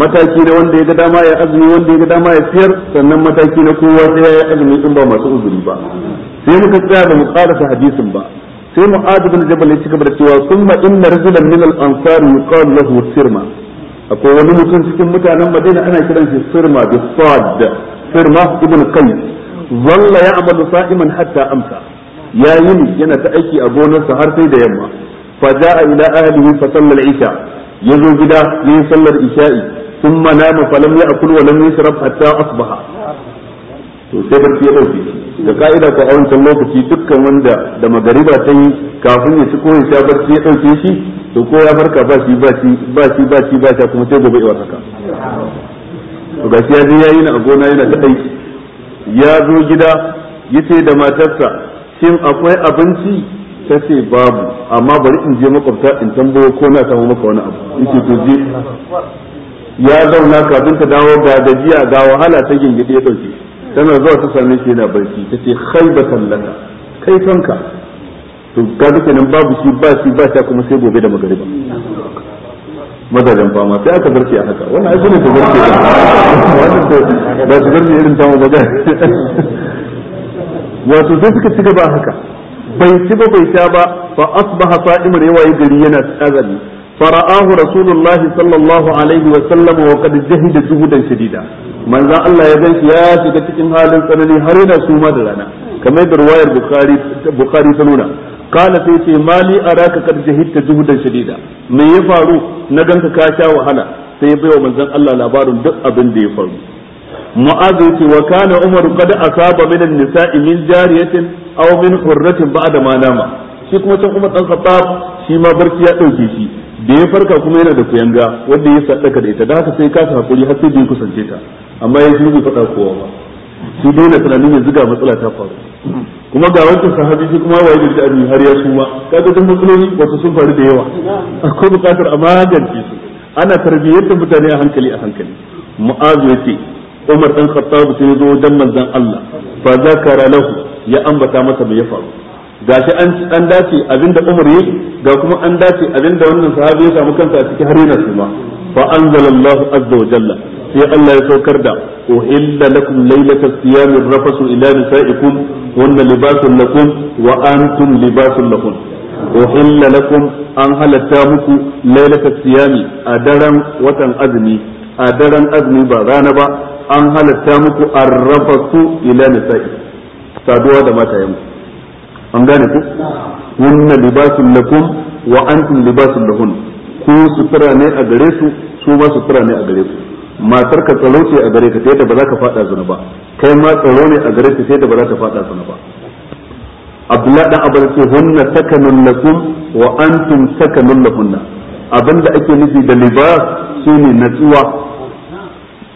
mataki na wanda ya ga dama ya azumi wanda ya ga dama ya fiyar sannan mataki na kowa sai ya yi azumi in ba masu uzuri ba sai muka tsaya da mu karasa hadisin ba sai mu'adh bin jabal ya cika da cewa summa inna rajulan min al-ansar yuqal lahu sirma akwai wani mutum cikin mutanen madina ana kiran shi sirma bi sad sirma ibn qais zalla ya'malu sa'iman hatta amsa ya yana ta aiki a gonarsa har sai da yamma fa ja'a ila ahlihi fa salla al-isha yazo gida yayin sallar isha'i thumma nama falam ya'kul wa lam yashrab hatta asbaha to sai barci ya dauke da ka'ida ko a wancan lokaci dukkan wanda da magariba ta yi kafin ya ci ko ya sha barci ya dauke shi to ko ya farka ba shi ba shi ba shi ba shi ba shi kuma sai gobe iwar haka to ga shi ya je yayi na a gona yana ta dai ya zo gida yace da matarsa shin akwai abinci ta ce babu amma bari in je makwabta in tambayo ko na samu maka wani abu in ce to je ya zauna kafin ta dawo ga gajiya ga wahala ta gingide ya dauke tana zuwa ta same shi yana barci ta ce khaibatan sallaka kai kanka to ga nan babu shi ba shi ba sha kuma sai gobe da magariba mazajen fama sai aka barci a haka wannan aiki ne ta barci da ba su barci irin tamu ba wato sai suka ci gaba haka bai ci ba bai sha ba fa asbaha sa'imar yawa gari yana tsazali فرآه رسول الله صلى الله عليه وسلم وقد جهد جهدا شديدا من ذا الله يبين يا شيخ cikin halin tsanani har yana suma da rana kamar da riwayar bukhari bukhari ta nuna قال سيتي مالي أراك قد جهدت جهدا شديدا من يفعلوا نجنك كاشا وهلا سيبيو من ذن الله لابار دق أبن دي يفعلوا معاذ وكان عمر قد أصاب من النساء من جارية أو من حرة بعد ما نام shi kuma can kuma dan khattab shi ma barci ya dauke shi da ya farka kuma yana da kuyanga wanda ya sadaka da ita da haka sai ka ta hakuri har sai da ya kusance ta amma ya shi bai faɗa kowa ba su dai na tunanin yanzu ga matsala ta faru kuma ga wancan sahabi shi kuma waye da abi har ya suma kaga dan matsaloli wasu sun faru da yawa akwai bukatar a magance su ana yadda mutane a hankali a hankali mu'azu yace Umar dan Khattab sai ya zo dan manzon Allah fa zakara lahu ya ambata masa mai ya faru gashi an an dace abinda Umar yi ga kuma an dace abinda wannan sahabi ya samu kansa a cikin harina su ma fa anzalallahu azza wa jalla sai Allah ya saukar da uhilla lakum laylatas siyami rafasu ila nisaikum wanda libasun lakum wa antum libasun lakum uhilla lakum an halatta muku laylatas siyami a daren watan azumi a daren azumi ba rana ba an halatta muku arrafasu ila nisaikum saduwa da matayenku an gane ku wannan libasin lakum wa antum libasun lahun ku sutura ne a gare su su ba sutura ne a gare ku matar ka tsaro ce a gare ka sai da ba za ka fada zuna ba kai ma tsaro ne a gare ka sai da ba za ka fada zuna ba abdullahi dan abul ce hunna sakanun lakum wa antum sakanun lahun abinda ake nufi da libas shine natsuwa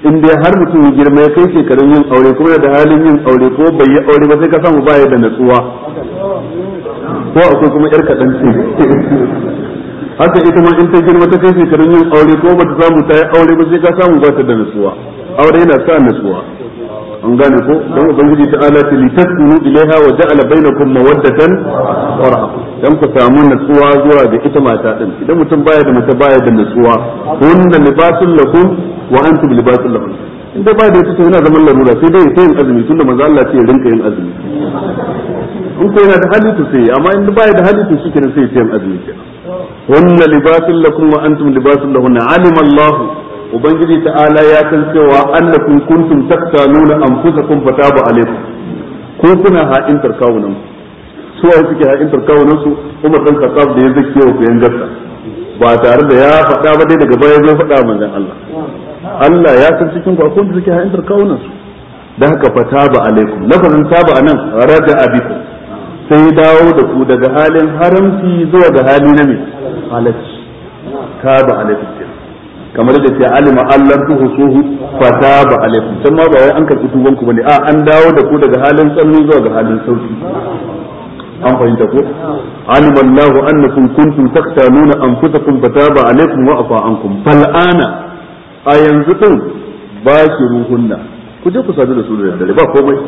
in dai har mutum ya girma ya kai shekarun yin aure kuma da halin yin aure ko bai yi aure ba sai ka samu baya da natsuwa ko akwai kuma yar kaɗan ce haka ita ma in ta girma ta kai shekarun yin aure ko ta samu ta yi aure ba sai ka samu ba ta da natsuwa aure yana sa natsuwa an gane ko don ubangiji ta ala ta litaskunu ilaiha wa ja'ala bainakum mawaddatan wa rahma dan ku samu natsuwa zuwa ga ita mata din idan mutum baya da mata baya da natsuwa kunna libasul lakum wa antum libasul lakum in da baya da ita yana zaman larura sai dai sai yin azumi tunda manzo Allah ce rinka yin azumi in ko yana da hali to sai amma in baya da hali to shi kenan sai yin azumi kenan kunna libasul lakum wa antum libasul lahunna alima Allah ubangiji ta'ala ya san cewa annakum kuntum taktanuna anfusakum fataba alaykum ko kuna ha'intar kawunan su waye suke ha'intar kawunan su Umar dan kasab da ya zake wa kuyan gasta, ba tare da ya faɗa ba dai daga baya zai faɗa manzon Allah Allah ya san cikin ku akwai suke ha'intar kawunan su da haka fataba alaikum lafazin taba anan raja abiku sai dawo da ku daga halin haramci zuwa ga hali na mai halacci taba alaikum kamar da ce alima Allah ku husuhu fataba alaikum san ma ba wai an karɓi tuban ku bane a an dawo da ku daga halin tsanani zuwa ga halin sauki an fahimta ko alima Allah annakum kuntum taqtanuna anfusakum fataba alaikum wa afa ankum fal ana a yanzu din ba shi ruhunna ku je ku sadu da su da dare ba komai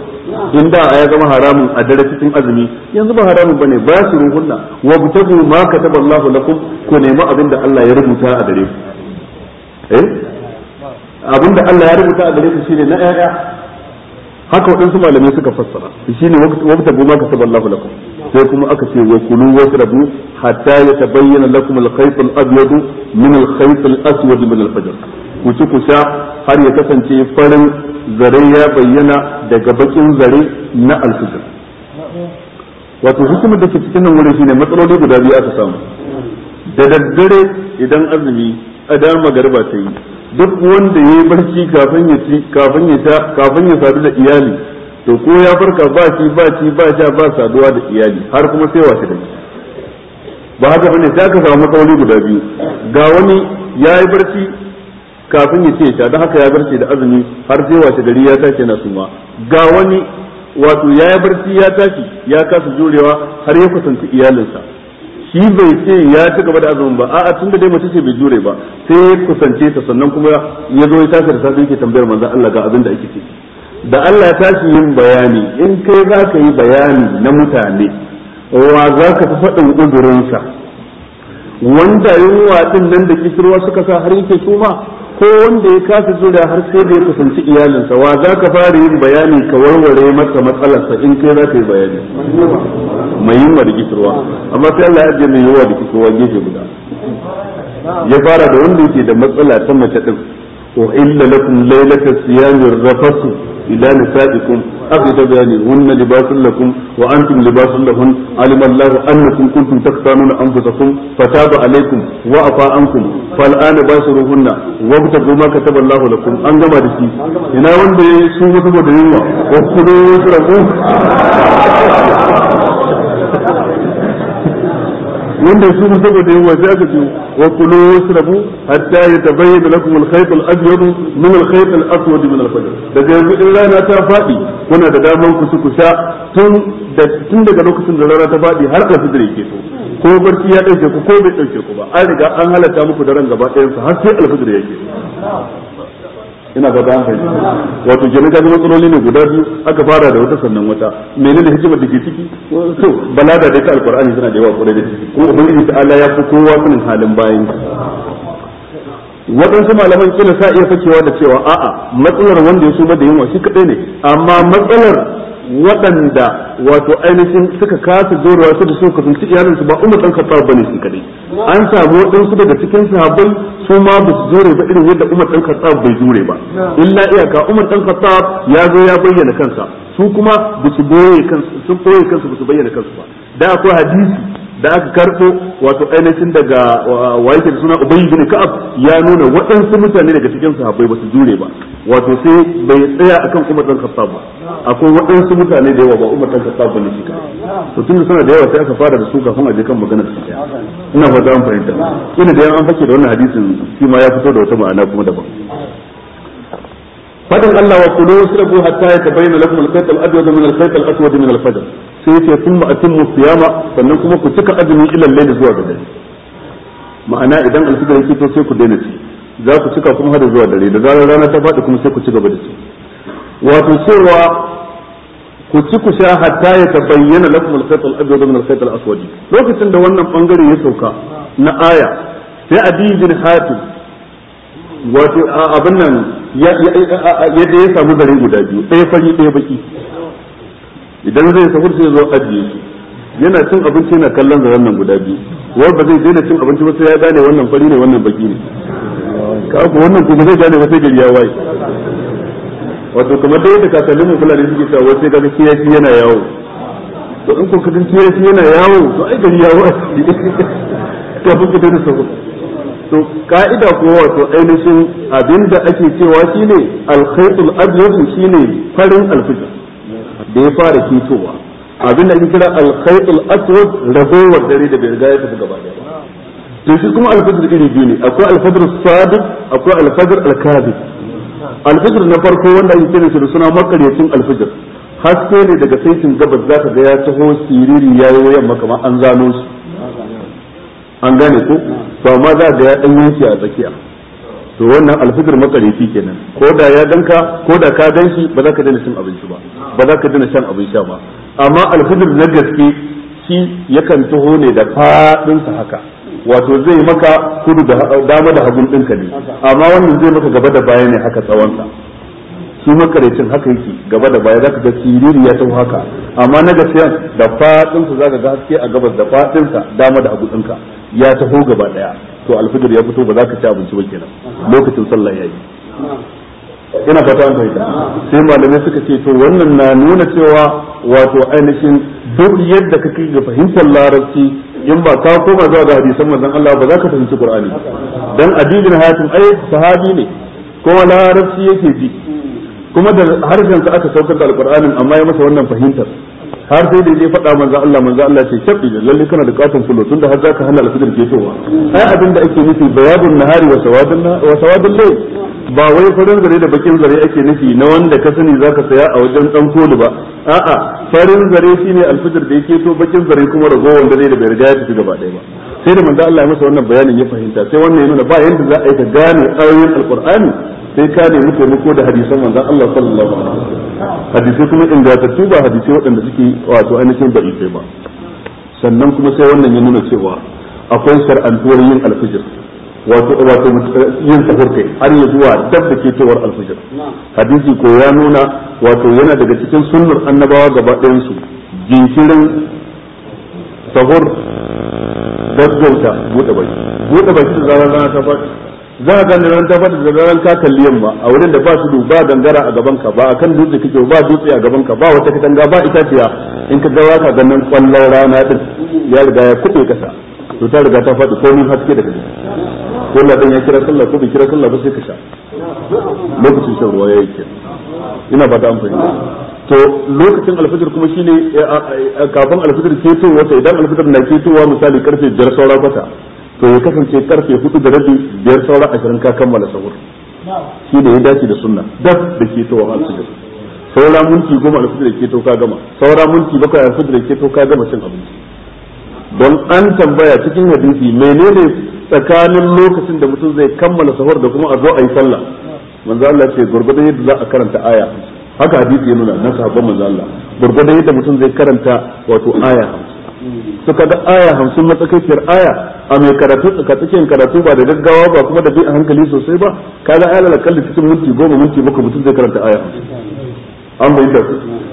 in da ya zama haramun a dare cikin azumi yanzu ba haramun bane ba shi ruhunna wa butabu ma kataba Allah lakum ku nemi abin da Allah ya rubuta a dare eh abinda Allah ya rubuta a gare su shine na ƴaƴa haka waɗansu malamai suka fassara shine waqta buma ka saballahu lakum sai kuma aka ce wa kulu wa rabu hatta yatabayyana lakum al-khayt al-abyad min al-khayt al-aswad min al-fajr ku ci ku sha har ya kasance farin zare ya bayyana daga bakin zare na al-fajr wato hukumar da ke cikin nan wurin shine matsaloli guda biyu aka samu da daddare idan azumi a da Garba ta yi duk wanda ya yi barci kafin ya ci kafin ya sha kafin ya sadu da iyali to ko ya farka ba ci ba ci ba sha ba saduwa da iyali har kuma sai washe da ba haka bane sai aka samu matsaloli guda biyu ga wani ya yi barci kafin ya ce sha don haka ya barci da azumi har sai washe gari ya tashi na suma ga wani wato ya yi barci ya tashi ya kasa jurewa har ya kusanci iyalinsa shi bai ce ya ci gaba da azumin ba a'a tun da dai mace ce bai jure ba sai ya kusance ta sannan kuma ya zo ya tashi da safe yake tambayar maza Allah ga abin da ake ce da Allah ya tashi yin bayani in kai za ka yi bayani na mutane wa za ka fi faɗin uzurinsa wanda yunwa ɗin nan da kisirwa suka sa har yake suma ko wanda ya kasa jira har sai da ya kusanci iyalinsa wa za ka fara yin bayani ka warware masa matsalarsa in kai za ka yi bayani mai yin wa rikitarwa amma sai Allah ya ajiye mai yawa rikitarwa gefe guda ya fara da wanda yake da matsala ta mace din ko illa lakum laylatas siyamir rafasu ila nisaikum aka ta bayani hunna libasun lakum wa antum libasun lahun alima Allah annakum kuntum taktanuna anfusakum fataba alaikum wa afa ankum fal hunna bashiruhunna wabtagu ma kataba an gama da shi ina wanda ya su saboda yunwa wa kudu suraku wanda su saboda yawa sai aka ce wa kulu wasrabu hatta yatabayyana lakum al-khayt al-abyad min al-khayt al-aswad min al-fajr daga yanzu in rana ta fadi kuna da daman ku ku sha tun da tun daga lokacin da rana ta fadi har da yake to ko barci ya dauke ku ko bai dauke ku ba an riga an halatta muku daren gaba ɗayan sa har sai al-fajr yake ina ba an fahimta wato kenan ga matsaloli ne guda biyu aka fara da wata sannan wata menene hikimar da ke ciki to balada da ta alqur'ani suna da yawa kwarai da ciki kuma ubangiji Allah ya fi kowa sanin halin bayan waɗansu malaman kila sa iya fakewa da cewa a'a matsalar wanda ya so da yunwa shi kadai ne amma matsalar waɗanda wato ainihin suka kasa dorewa su da suka kasance iyalinsu ba umar ɗan ba ne shi kadai an samu waɗansu daga cikin sahabbai su ma ba su dore ba irin yadda umar ɗan khattab bai zure ba illa iyaka umar ɗan khattab ya zo ya bayyana kansa su kuma ba su boye kansu sun boye kansu ba su bayyana kansu ba da akwai hadisi da aka karɓo wato ainihin daga wayake suna ubayy bin ka'ab ya nuna waɗansu mutane daga cikin sahabbai ba su jure ba wato sai bai tsaya akan umar dan khattab ba akwai waɗansu mutane da yawa ba umar dan khattab ne shi to da suna da yawa sai aka fara da su kafin a je kan magana su ina za mu fahimta ina da an fake da wannan hadisin shi ma ya fito da wata ma'ana kuma daban fadin Allah wa kulu wasrabu hatta yatabayyana lakum al-khayt al-abyad min al-khayt al-aswad min al-fajr sai yace sun ma'atin siyama sannan kuma ku cika azumi ilal layli zuwa ga dare ma'ana idan alfijir yake to sai ku daina ci za ku cika kuma har zuwa dare da zarar rana ta faɗi kuma sai ku ci gaba da ci wato cewa ku ci ku sha hatta ya tabayyana lakum al-khayt al-abyad min al-khayt al-aswad lokacin da wannan bangare ya sauka na aya sai adi bin hatim wato abin nan ya ya samu zare guda biyu ɗaya fari ɗaya baki idan zai sahur sai zo ajiye su yana cin abinci yana kallon zaren nan guda biyu wai ba zai daina cin abinci ba sai ya gane wannan fari ne wannan baki ne ka ku wannan kuma zai gane ba sai gari ya waye wato kamar da yadda kakannin mu fulani suke cewa wai sai kaga kiyaci yana yawo to in kun kadin kiyaci yana yawo to ai gari ya waye ta fuka da sahur to ka'ida ko wato ainihin abinda ake cewa shine alkhaytul abyad shine farin alfijir da ya fara fitowa abin da ake kira alkhaitul aswad ragowar dare da bai riga ya tafi gaba daya to shi kuma alfajr iri biyu ne akwai alfajr sadiq akwai alfajr alkazib alfajr na farko wanda ake kira shi da suna makaryacin alfajr haske ne daga saitin gabas za ka ga ya taho siriri ya yi yamma kama an zano shi an gane ko ba amma za ga ya dan yanki a tsakiya to wannan alfijir makarifi kenan ko da ya danka ko da ka ganshi ba za ka daina cin abinci ba ba za ka daina shan abin sha ba amma alfijir na gaske shi yakan taho ne da faɗinsa haka wato zai maka kudu da dama da hagun dinka ne amma wannan zai maka gaba da baya ne haka sa shi makaricin haka yake gaba da baya zaka ga siriri ya taho haka amma na gaske da faɗinsa zaka ga haske a gabas da faɗinsa dama da hagun ɗinka ya taho gaba ɗaya to alfijir ya fito ba za ka ci abinci ba kenan lokacin sallah yayi ina fata an fahimta sai malamai suka ce to wannan na nuna cewa wato ainihin duk yadda ka kai ga fahimtar larabci in ba ka koma zuwa ga hadisan manzon Allah ba za ka fahimci Qur'ani dan adibin hatim ai sahabi ne kuma larabci yake bi. kuma da harshen sa aka saukar da alqur'anin amma ya masa wannan fahimtar har sai da a faɗa manzo Allah manzo Allah ce shabbi da lalle kana da katon fulo tunda har zaka hana alfijir ke towa ai abin da ake nufi bayadun nahari wa sawadun wa sawadun lay ba wai farin zare da bakin zare ake nufi na wanda ka sani zaka saya a wajen dan koli ba a'a farin zare shine alfijir da yake to bakin zare kuma ragowar da zai da bai riga ya tafi gaba ɗaya ba sai da manzo Allah ya masa wannan bayanin ya fahimta sai wannan ya nuna ba yanda za a yi ka gane ayoyin alqur'ani sai ka nemi taimako da hadisan manzon Allah sallallahu alaihi wasallam hadisai kuma ingantattu ba hadisai waɗanda suke wato ainihin ba isai ba sannan kuma sai wannan ya nuna cewa akwai shar'antuwar yin alfijir wato wato yin sahur har ya zuwa dab da ke cewar alfijir hadisi ko ya nuna wato yana daga cikin sunnar annabawa gaba ɗayan jinkirin sahur gaggauta buɗe baki buɗe baki da zarar rana ta faɗi za ka gane ran tafa da daren ka kalli yamma a wurin da ba su ba gangara a gaban ka ba akan dutse kike ba dutse a gaban ka ba wata katanga ba itaciya in ka ga ka ganin kwallon rana din ya riga ya kube kasa to ta riga ta faɗi komai haske daga gani ko la ya kira sallah ko bai kira sallah ba sai ka sha lokacin shan ruwa yayi ke ina ba ta amfani to lokacin alfajir kuma shine eh, eh, kafin alfajir ke tun wata idan alfajir na ke wa misali karfe 5 saura kwata to ya kasance karfe hudu da rabi biyar saura ashirin ka kammala sahur shi ne ya dace da sunna daf da ke to alfajir saura minti goma da da ke to ka gama saura minti bakwai alfajir da ke to ka gama cin abinci don an tambaya cikin hadisi menene tsakanin lokacin da mutum zai kammala sahur da kuma a zo a yi sallah manzo Allah ce gurgurdan yadda za a karanta aya haka hadisi ya nuna na sahabban manzo Allah gurgurdan yadda mutum zai karanta wato aya suka kaga aya hamsin matsakaiciyar aya a mai karatu cikin karatu ba da gaggawa ba kuma da bi a hankali sosai ba ka kaga aya kalli cikin minti goma minti bakwai mutum zai karanta aya an bai da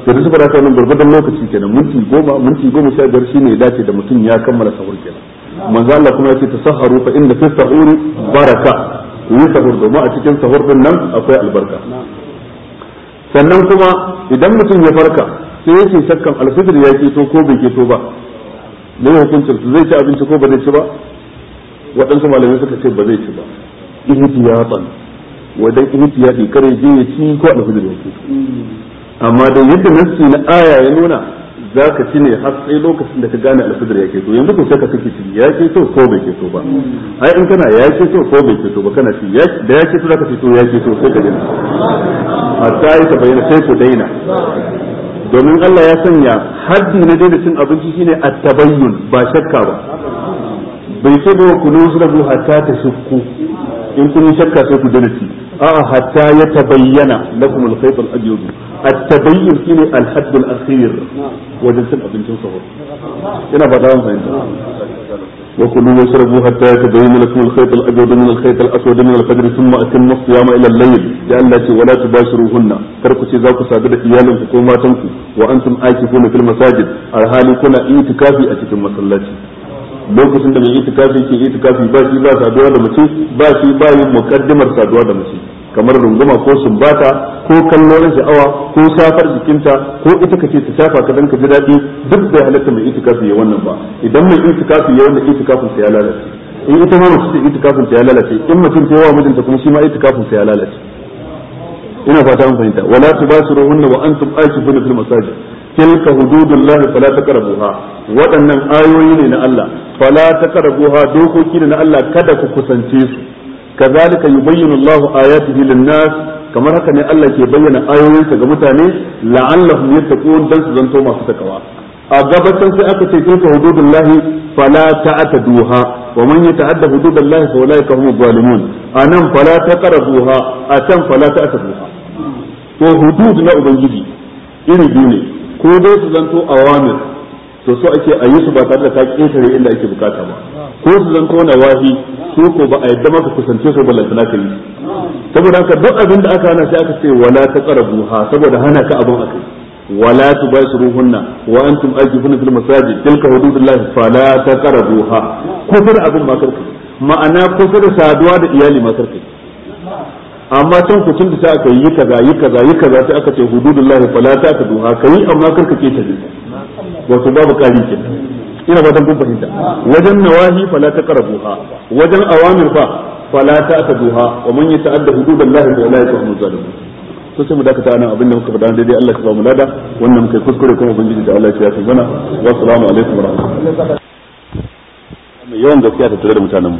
da duk ba ta nan gurgurdan lokaci kenan minti goma minti goma sha biyar shine ya dace da mutum ya kammala sahur kenan manzo Allah kuma yace tasahharu fa inda fi sahuri baraka yi sahur goma a cikin sahur din nan akwai albarka sannan kuma idan mutum ya farka sai yake sakkan alfitr ya keto ko bai keto ba ne hukuncin su zai ci abinci ko ba zai ci ba waɗansu malamai suka ce ba zai ci ba ihtiyatan wadan ya ɗikare je ya ci ko a ya ci amma da yadda nassi na aya ya nuna za ka ci ne har sai lokacin da ka gane alfajir ya ke so yanzu ko sai ka kake ci ya ke so ko bai ke so ba ai in kana ya ke so ko bai ke so ba kana ci da ya ke so za ka ci so ya ke so sai ka daina hatta ya bayyana sai ku daina domin Allah ya sanya haddi na daina cin abinci shine at-tabayyun ba shakka ba bai ce ba ku nuzrabu hatta shukku in kun shakka sai ku daina ci a'a hatta ya tabayyana lakum al-khayt al-abyad at-tabayyun shine al-hadd al-akhir wajen cin abincin sahur ina ba da fahimta وكلوا واشربوا حتى يتبين لكم الخيط الابيض من الخيط الاسود من الفجر ثم اتموا الصيام الى الليل لان ولا تباشروهن تركوا شي ذاك سابد ايالكم كو ماتنكم وانتم عاكفون في المساجد الحال كنا اعتكافي a cikin masallaci lokacin da mai itikafi ke itikafi ba shi ba saduwa da mace ba shi ba yin mukaddimar saduwa da mace kamar runguma ko sumbata ko kallo na sha'awa ko safar jikinta ko ita kace ta shafa ka dan ka ji daɗi duk bai halatta mai itikafi ya wannan ba idan mai itikafi ya wannan itikafin sa ya lalace in ita ma mace itikafin sa ya lalace in mutum ta yawa mijinta kuma shi ma itikafin sa ya lalace ina fata mun fahimta wala tubashiruhunna wa antum aakifuna fil masajid tilka hududullah fala taqrabuha waɗannan ayoyi ne na Allah fala taqrabuha dokoki ne na Allah kada ku kusance su kazalika yubayyinu bayyanallahu ayatihi lin-nas kamar haka ne Allah ke bayyana ayoyinsa ga mutane la'allahum yattaqun dan su zanto masu takawa a gabatan sai aka ce tilka hududullahi fala ta'taduha wa man yata'adda hududallahi fa ulaika humu zalimun anan fala taqrabuha atan fala ta'taduha to hudud na ubangiji iri biyu ne ko dai su zanto awamir to so ake a yi su ba tare da ka ƙetare inda ake bukata ba ko su zanto na wahi su ko ba a yadda maka kusance su ballanta na ka yi saboda haka duk abin da aka hana sai aka ce wala ta tsara buha saboda hana ka abin akai wala tubashiruhunna wa antum ajifuna fil masajid tilka hududullah fala taqrabuha ko da abin ma karka ma'ana ko da saduwa da iyali ma karka amma can ku tun da ta aka yi kaza yi kaza yi kaza sai aka ce hududullah fala ta ka duha kai amma kar ka keta duka wato babu kari ke ina ba kun fahimta wajen nawahi fala ta qarabuha wajen awamir fa fala ta ka duha wa man yata'adda hududullah fa la yakunu hum to sai mu dakata nan abin da muka faɗa daidai Allah ya ba mu lada wannan muka kuskure kuma ubangiji da Allah ya yafi mana wa assalamu alaikum wa rahmatullahi yawan gaskiya ta tare da mutanen mu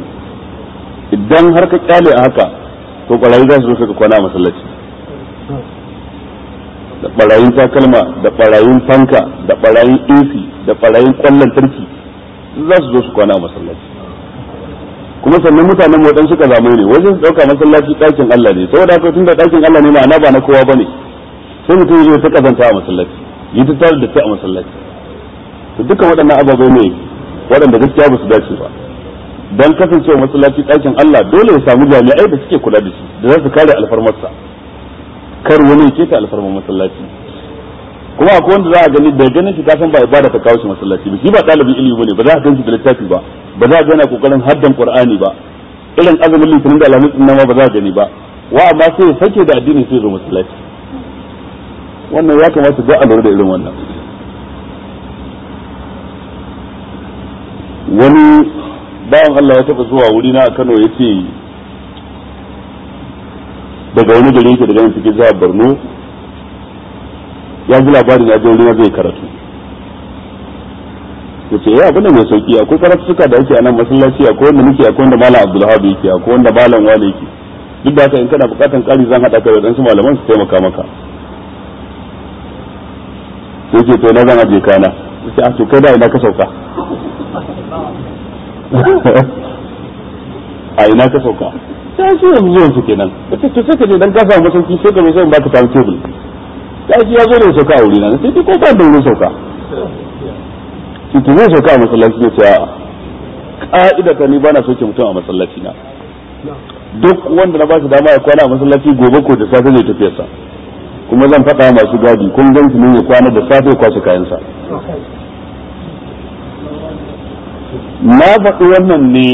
idan har ka kyale a haka to barayi za su zo suka kwana a masallaci da ɓarayin takalma da ɓarayin fanka da ɓarayin AC da ɓarayin kwallon tarki za su zo su kwana a masallaci kuma sannan mutanen mu waɗansu kazamai ne wajen su ɗauka masallaci ɗakin Allah ne saboda haka tun da ɗakin Allah ne ma'ana ba na kowa ne sai mutum zai ta kazanta a masallaci yi ta tare da ta a masallaci to dukkan waɗannan ababai ne waɗanda gaskiya ba su dace ba dan kasancewa masallaci ɗakin Allah dole ya samu jami'ai da suke kula da shi da za su kare alfarmarsa kar wani ya keta alfarmar masallaci kuma akwai wanda za a gani da ganin shi kasan ba ibada ta kawo shi masallaci ba shi ba ɗalibin ilimi bane ba za a shi da littafi ba ba za a gana kokarin haddan qur'ani ba irin azumin litinin da alhamis nan ma ba za a gani ba wa amma sai ya sake da addini sai zo masallaci wannan ya kamata ga a lura da irin wannan wani bayan Allah ya taba zuwa wuri na a Kano yace daga wani gari yake daga nan cikin jihar Borno ya ji labarin ya je wuri na zai karatu yace ya eh, abin da mai sauki akwai karatuka da yake a nan masallaci akwai wanda muke akwai wanda malam Abdulhab yake akwai wanda malam Wale yake duk da haka in kana bukatan ƙari zan hada kai wadansu ɗansu malaman su taimaka maka sai ke to na zan aje kana sai a ah, to kai da ina ka sauka a ina ka sauka ta shi yanzu zuwan su kenan kace to sai ka je dan ka samu sauki sai ka zo sai ba ka tawo table ta shi ya zo ne sauka a wuri na sai ko ba da wurin sauka ki to zai sauka a masallaci ne sai ka'ida ta ni bana soke mutum a masallaci na duk wanda na ba shi dama ya kwana a masallaci gobe ko da safe zai tafiyar tafiyarsa kuma zan faɗa masu gadi kun gan ne ya kwana da safe kwashe kayansa na faɗi wannan ne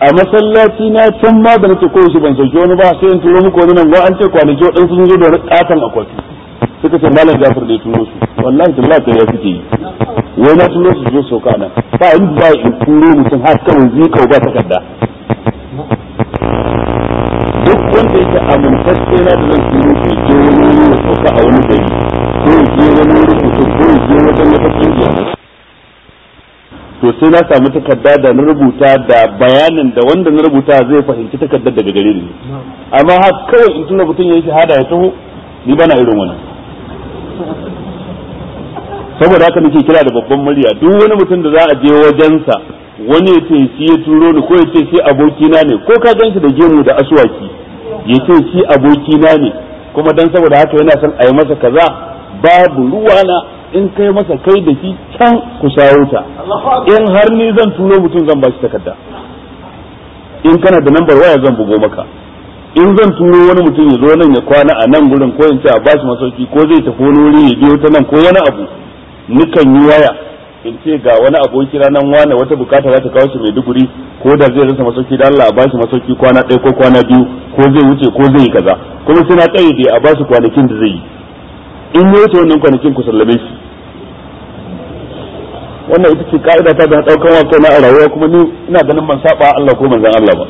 a masallaci na can ma da nake koyi ban sauki wani ba sai in turo muku wani nan an ce kwanaki waɗansu sun zo da wani katon akwati suka ce malam jafar ne turo su wallahi da lafiya ya suke yi wai na turo su zo sau kana ba in ba in turo mutum har kawai kawo ba takarda duk wanda yake amintacce na da zan turo su je wani wani sauka a wani gari ko je wani wuri ko je wani wani kungiya to sai na samu takarda da na rubuta da bayanin da wanda na rubuta zai fahimci takardar daga gare ni amma har kawai in tuna mutum yayi shahada ya taho ni bana irin wannan saboda haka nake kira da babban murya duk wani mutum da za a je wajensa wani ya ce shi ya turo ni ko ya ce shi abokina ne ko ka ganshi da gemu da aswaki ya ce shi abokina ne kuma dan saboda haka yana son a yi masa kaza babu ruwana in kai masa kai da shi can ku shawo ta in har ni zan turo mutum zan bashi takarda in kana da nambar waya zan bugo maka in zan turo wani mutum ya zo nan ya kwana a nan gurin ko in ce a bashi masauki ko zai tafi wani wuri ya biyo ta nan ko wani abu nikan yi waya in ce ga wani aboki ranar wane wata bukata za ta kawo shi maiduguri ko da zai rasa masauki da Allah a bashi masauki kwana ɗaya ko kwana biyu ko zai wuce ko zai yi kaza kuma suna ƙayyade a bashi kwanakin da zai yi in yi wata wannan kwanakin ku sallame shi wannan ita ce ka'ida ta da daukan wa na a rayuwa kuma ni ina ganin ban saba Allah ko manzon Allah ba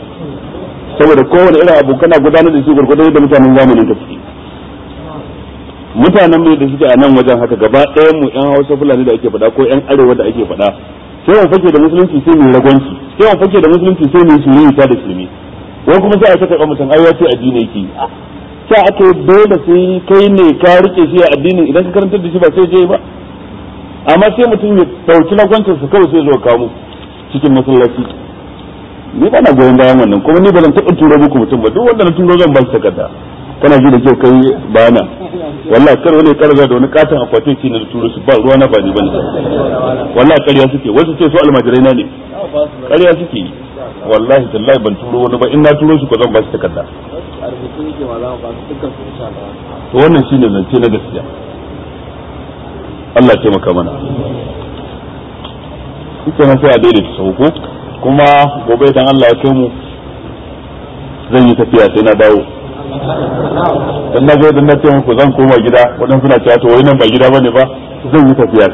saboda kowane irin abu kana gudanar da shi gurgudu da mutanen zamanin ka ciki. mutanen mai da suke a nan wajen haka gaba ɗayan mu yan Hausa Fulani da ake faɗa ko yan Arewa da ake faɗa sai mu fake da musulunci sai mu ragwanci sai mu fake da musulunci sai mu shiri ta da shirme wai kuma sai a ta karɓa mutum ai wace addini yake sai aka dole sai kai ne ka rike shi a addinin idan ka karanta da shi ba sai je ba amma sai mutum ya sauki na gwancin su kawai sai zo kamu cikin masallaci ni ba na goyon bayan wannan kuma ni ba zan taɓa turo muku mutum ba duk wanda na turo zan ba su takarda kana ji da kyau kai bayana wallahi kar wani karza da wani katon akwatin shi na turo su ba ruwa na ba ni bane wallahi ƙarya suke wasu ce su almajirai na ne ƙarya suke wallahi tallahi ban turo wani ba in na turo su ko zan ba shi takarda to wannan shine zance na gaskiya Allah ya taimaka mana ita na sai a daidaita sauko ko kuma gobe idan Allah ya kai mu zan yi tafiya sai na dawo dan na zo dan na ce muku zan koma gida wadan suna cewa to wai nan ba gida bane ba zan yi tafiya